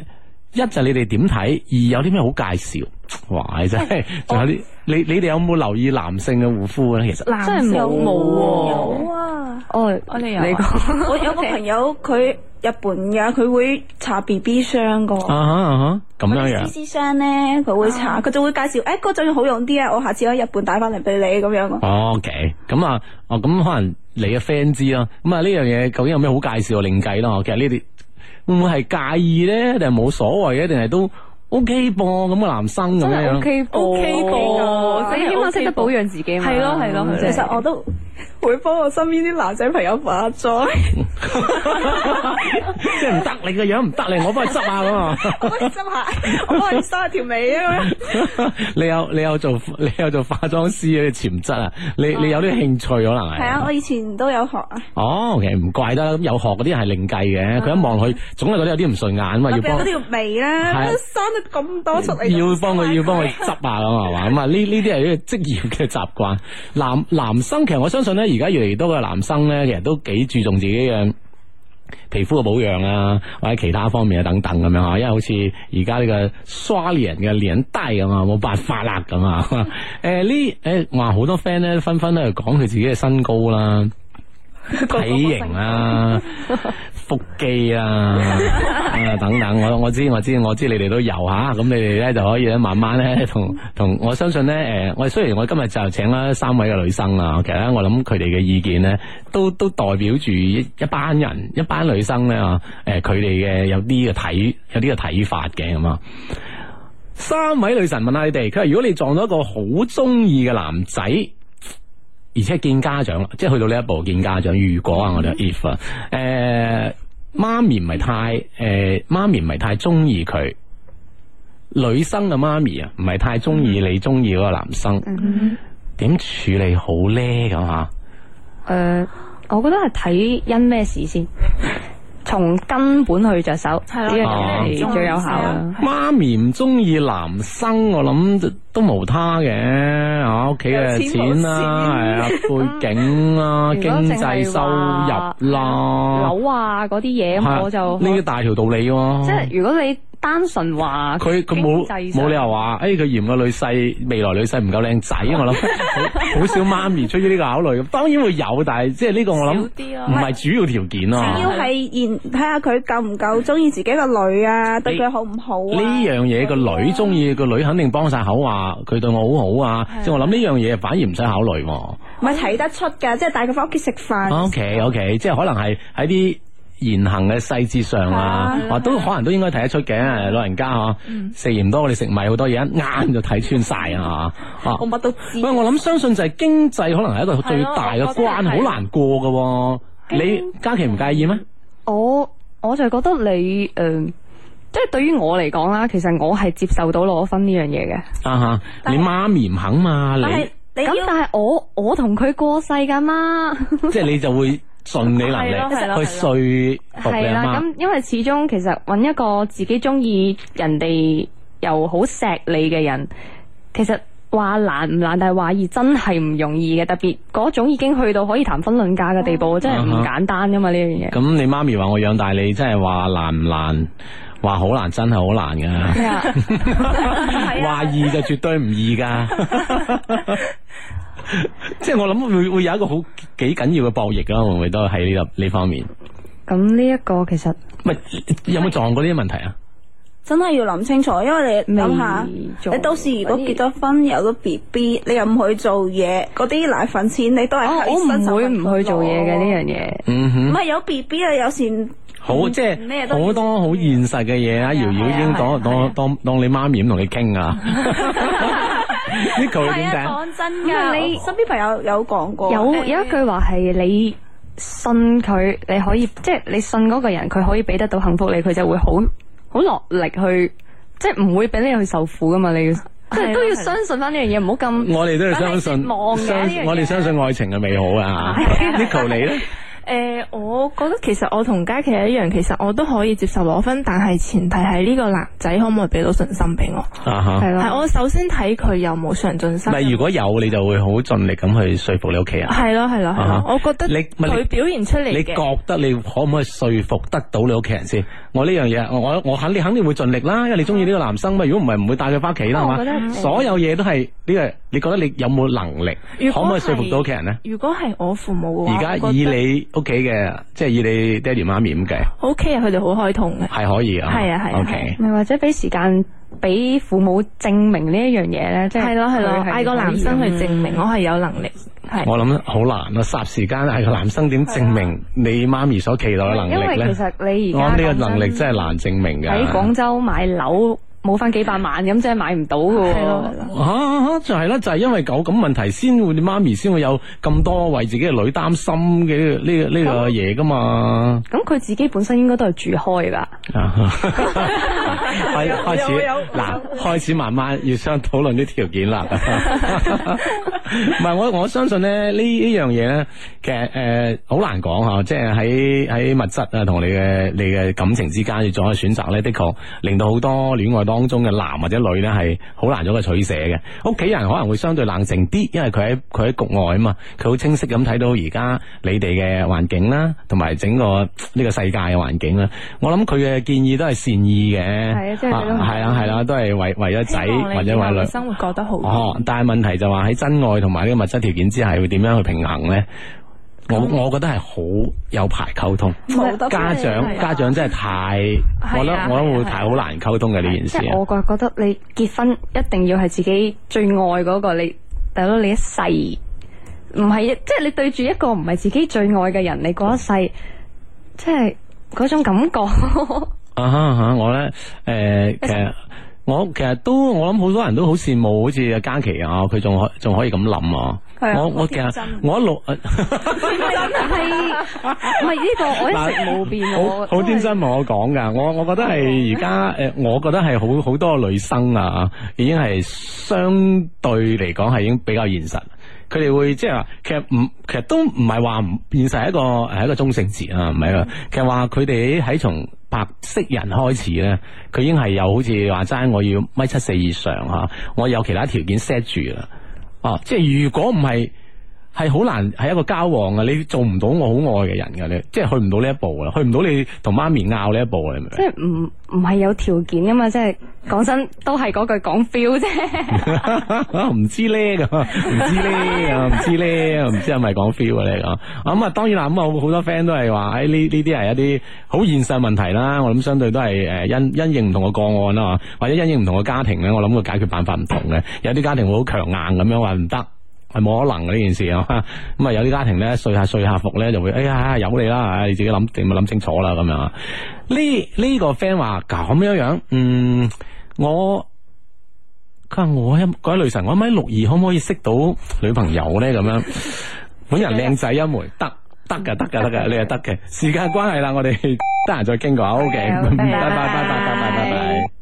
一就你哋點睇，二有啲咩好介紹？哇，真仲有啲你你哋有冇留意男性嘅護膚咧？其實真係冇冇啊！哦，我哋有。我有個朋友佢日本嘅，佢會搽 BB 霜噶。啊哈啊哈，咁樣樣。CC 霜咧，佢會搽，佢就會介紹，誒，嗰種好用啲啊，我下次喺日本帶翻嚟俾你咁樣。OK，咁啊，哦，咁可能你嘅 friend 知咯，咁啊呢樣嘢究竟有咩好介紹？另計啦，其實呢啲。會唔會係介意咧？定係冇所謂嘅？定係都？O K 噃，咁個男生咁樣 O K O K 噃，你起碼識得保養自己。係咯係咯，其實我都會幫我身邊啲男仔朋友化妝。即係唔得，你個樣唔得，你我幫你執下咁啊，幫你執下，幫你修下條尾啊。你有你有做你有做化妝師嘅潛質啊？你你有啲興趣可能係。係啊，我以前都有學啊。哦，其實唔怪得咁有學嗰啲人係另計嘅。佢一望落去，總係覺得有啲唔順眼啊嘛。要幫條眉啦，咁多出嚟，要幫佢要幫佢執下咁啊嘛，咁啊呢呢啲係呢職業嘅習慣。男男生其實我相信咧，而家越嚟越多嘅男生咧，其實都幾注重自己嘅皮膚嘅保養啊，或者其他方面啊等等咁樣啊。因為好似而家呢個刷臉嘅年代啊，冇辦法啦咁啊。誒呢誒，話、哎、好多 friend 咧紛紛咧講佢自己嘅身高啦。體型啊，腹肌啊，等等，我我知我知我知，你哋都有吓，咁、啊、你哋咧就可以咧慢慢咧同同，我相信咧誒，我、呃、雖然我今日就請啦三位嘅女生啊，其實咧我諗佢哋嘅意見咧，都都代表住一,一班人，一班女生咧啊，誒佢哋嘅有啲嘅睇，有啲嘅睇法嘅咁啊。三位女神問下你哋，佢話如果你撞到一個好中意嘅男仔。而且見家長，即係去到呢一步見家長。如果啊，我哋 if 啊，誒，媽咪唔係太，誒，媽咪唔係太中意佢，女生嘅媽咪啊，唔係太中意你中意嗰個男生，點處理好咧？咁吓，誒，我覺得係睇因咩事先。 從根本去着手，呢樣嘢最有效啊！媽咪唔中意、啊、男生，我諗都冇他嘅，吓屋企嘅錢啦、啊，係啊背景啊， 如果 經濟收入啦、啊，樓、嗯、啊嗰啲嘢，的我就呢啲大條道理喎、啊。即係如果你。單純話佢，佢冇，冇理由話，誒，佢嫌個女婿未來女婿唔夠靚仔啊，我諗好少媽咪出於呢個考慮，當然會有，但係即係呢個我諗唔係主要條件咯。主要係嫌，睇下佢夠唔夠中意自己個女啊，對佢好唔好。呢樣嘢個女中意個女肯定幫晒口話，佢對我好好啊。即係我諗呢樣嘢反而唔使考慮。唔係睇得出噶，即係帶佢翻屋企食飯。OK OK，即係可能係喺啲。言行嘅細節上啊，都可能都應該睇得出嘅老人家嗬，食鹽多我哋食米好多嘢，一眼就睇穿晒啊吓，我乜都，喂我諗相信就係經濟可能係一個最大嘅關，好難過㗎，你嘉琪唔介意咩？我我就係覺得你誒，即係對於我嚟講啦，其實我係接受到攞分呢樣嘢嘅。啊哈，你媽咪唔肯嘛？你咁但係我我同佢過世噶嘛？即係你就會。順你能力了去碎睡，係啦咁，媽媽因為始終其實揾一個自己中意，人哋又好錫你嘅人，其實話難唔難，但係話易真係唔容易嘅，特別嗰種已經去到可以談婚論嫁嘅地步，哦、真係唔簡單噶嘛呢樣嘢。咁、uh huh. 你媽咪話我養大你，真係話難唔難，話好難，真係好難噶。係啊、話易 就絕對唔易噶。 即係我諗會會有一個好幾緊要嘅博弈啊，會唔會都喺呢呢方面？咁呢一個其實係有冇撞過呢啲問題啊？真係要諗清楚，因為你諗未 下，做你到時如果結咗婚，者有咗 B B，你又唔去做嘢，嗰啲能奶粉錢你都係、啊、我唔會唔去做嘢嘅呢樣嘢。唔係、嗯、哼有 B B 啊，有時好即係好多好現實嘅嘢啊！瑤瑤已經當當當當你媽咪咁同你傾啊！ Nico，你點解講？真噶，你身邊朋友有講過，有有一句話係你信佢，你可以即係你信嗰個人，佢可以俾得到幸福，你佢就會好好落力去，即係唔會俾你去受苦噶嘛。你即係都要相信翻呢樣嘢，唔好咁。我哋都係相信，我哋相信愛情嘅美好啊 Nico 你咧？誒，我覺得其實我同佳琪一樣，其實我都可以接受攞分，但係前提係呢個男仔可唔可以俾到信心俾我，係咯。係我首先睇佢有冇上進心，咪如果有，你就會好盡力咁去說服你屋企人。係咯係咯係咯，我覺得你佢表現出嚟。你覺得你可唔可以說服得到你屋企人先？我呢樣嘢，我我肯，你肯定會盡力啦，因為你中意呢個男生嘛。如果唔係，唔會帶佢翻屋企啦嘛。所有嘢都係呢個，你覺得你有冇能力，可唔可以說服到屋企人咧？如果係我父母嘅話，而家以你。屋企嘅，即係以你爹哋媽咪咁計，OK 啊！佢哋好開通嘅，係可以啊，係啊係，OK，咪或者俾時間俾父母證明呢一樣嘢咧，即係係咯係咯，嗌個男生去證明我係有能力，我諗好難啊！霎時間嗌個男生點證明你媽咪所期待嘅能力咧？因為其實你而家我呢個能力真係難證明嘅喺廣州買樓。冇翻幾百萬咁，即係買唔到㗎喎。係咯、啊，就係啦，就係因為狗咁問題，先會媽咪先會有咁多為自己嘅女擔心嘅呢個呢個嘢噶嘛。咁佢自己本身應該都係住開啦。開開始嗱， 開始慢慢要商討論啲條件啦。 唔係我我相信咧，呢呢樣嘢咧，其實誒好難講吓，即係喺喺物質啊同你嘅你嘅感情之間要做一個選擇咧，的確令到好多戀愛當中嘅男或者女咧係好難做一個取捨嘅。屋企人可能會相對冷靜啲，因為佢喺佢喺局外啊嘛，佢好清晰咁睇到而家你哋嘅環境啦，同埋整個呢個世界嘅環境啦。我諗佢嘅建議都係善意嘅，係啊，即係，係啦，係啦，都係為為咗仔或者為女生活過得好。哦，但係問題就話喺真愛。同埋呢個物質條件之下，會點樣去平衡咧？我、嗯、我覺得係好有排溝通，家長家長真係太，我諗我諗會太好難溝通嘅呢件事。我覺覺得你結婚一定要係自己最愛嗰、嗰個，你大佬你一世，唔係即係你對住一個唔係自己最愛嘅人，你過一世，即係嗰種感覺。啊哈啊！Huh, uh、huh, 我咧誒誒。呃 我其實都，我諗好多人都好羨慕，好似阿嘉琪啊，佢仲可仲可以咁諗啊。啊我我，我其實真我一路唔係呢個，我一直冇沒變我了。好是天真問我講噶，我我覺得係而家誒，我覺得係 好好多女生啊，已經係相對嚟講係已經比較現實。佢哋會即係話，其實唔，其實都唔係話唔現實，係一個誒，一個中性字啊，唔係啊。其實話佢哋喺從。白色人開始咧，佢已經，係有好似話齋我要米七四以上吓，我有其他條件 set 住啦。啊，即係如果唔係。係好難，係一個交往啊！你做唔到我好愛嘅人噶，你即係去唔到呢一步啊，去唔到你同媽咪拗呢一步啊！係咪？即係唔唔係有條件噶嘛？即係講真，都係嗰句講 feel 啫。唔知咧咁，唔知咧，唔知咧，唔知係咪講 feel 你講。咁啊，當然啦。咁我好多 friend 都係話，誒呢呢啲係一啲好現實問題啦。我諗相對都係誒因因應唔同嘅個案啦，或者因應唔同嘅家庭咧，我諗個解決辦法唔同嘅。有啲家庭會好強硬咁樣話唔得。係冇可能嘅呢件事啊！咁啊，有啲家庭咧，睡下睡下服咧，就會哎呀，由你啦，你自己諗，你咪諗清楚啦，咁樣。呢呢個 friend 話咁樣樣，嗯，我佢話我一嗰位女神，我一米六二，可唔可以識到女朋友咧？咁樣，本人靚仔一枚，得得㗎，得㗎，得㗎，你係得嘅。時間關係啦，我哋得閒再傾過。O K，拜拜拜拜拜拜拜拜。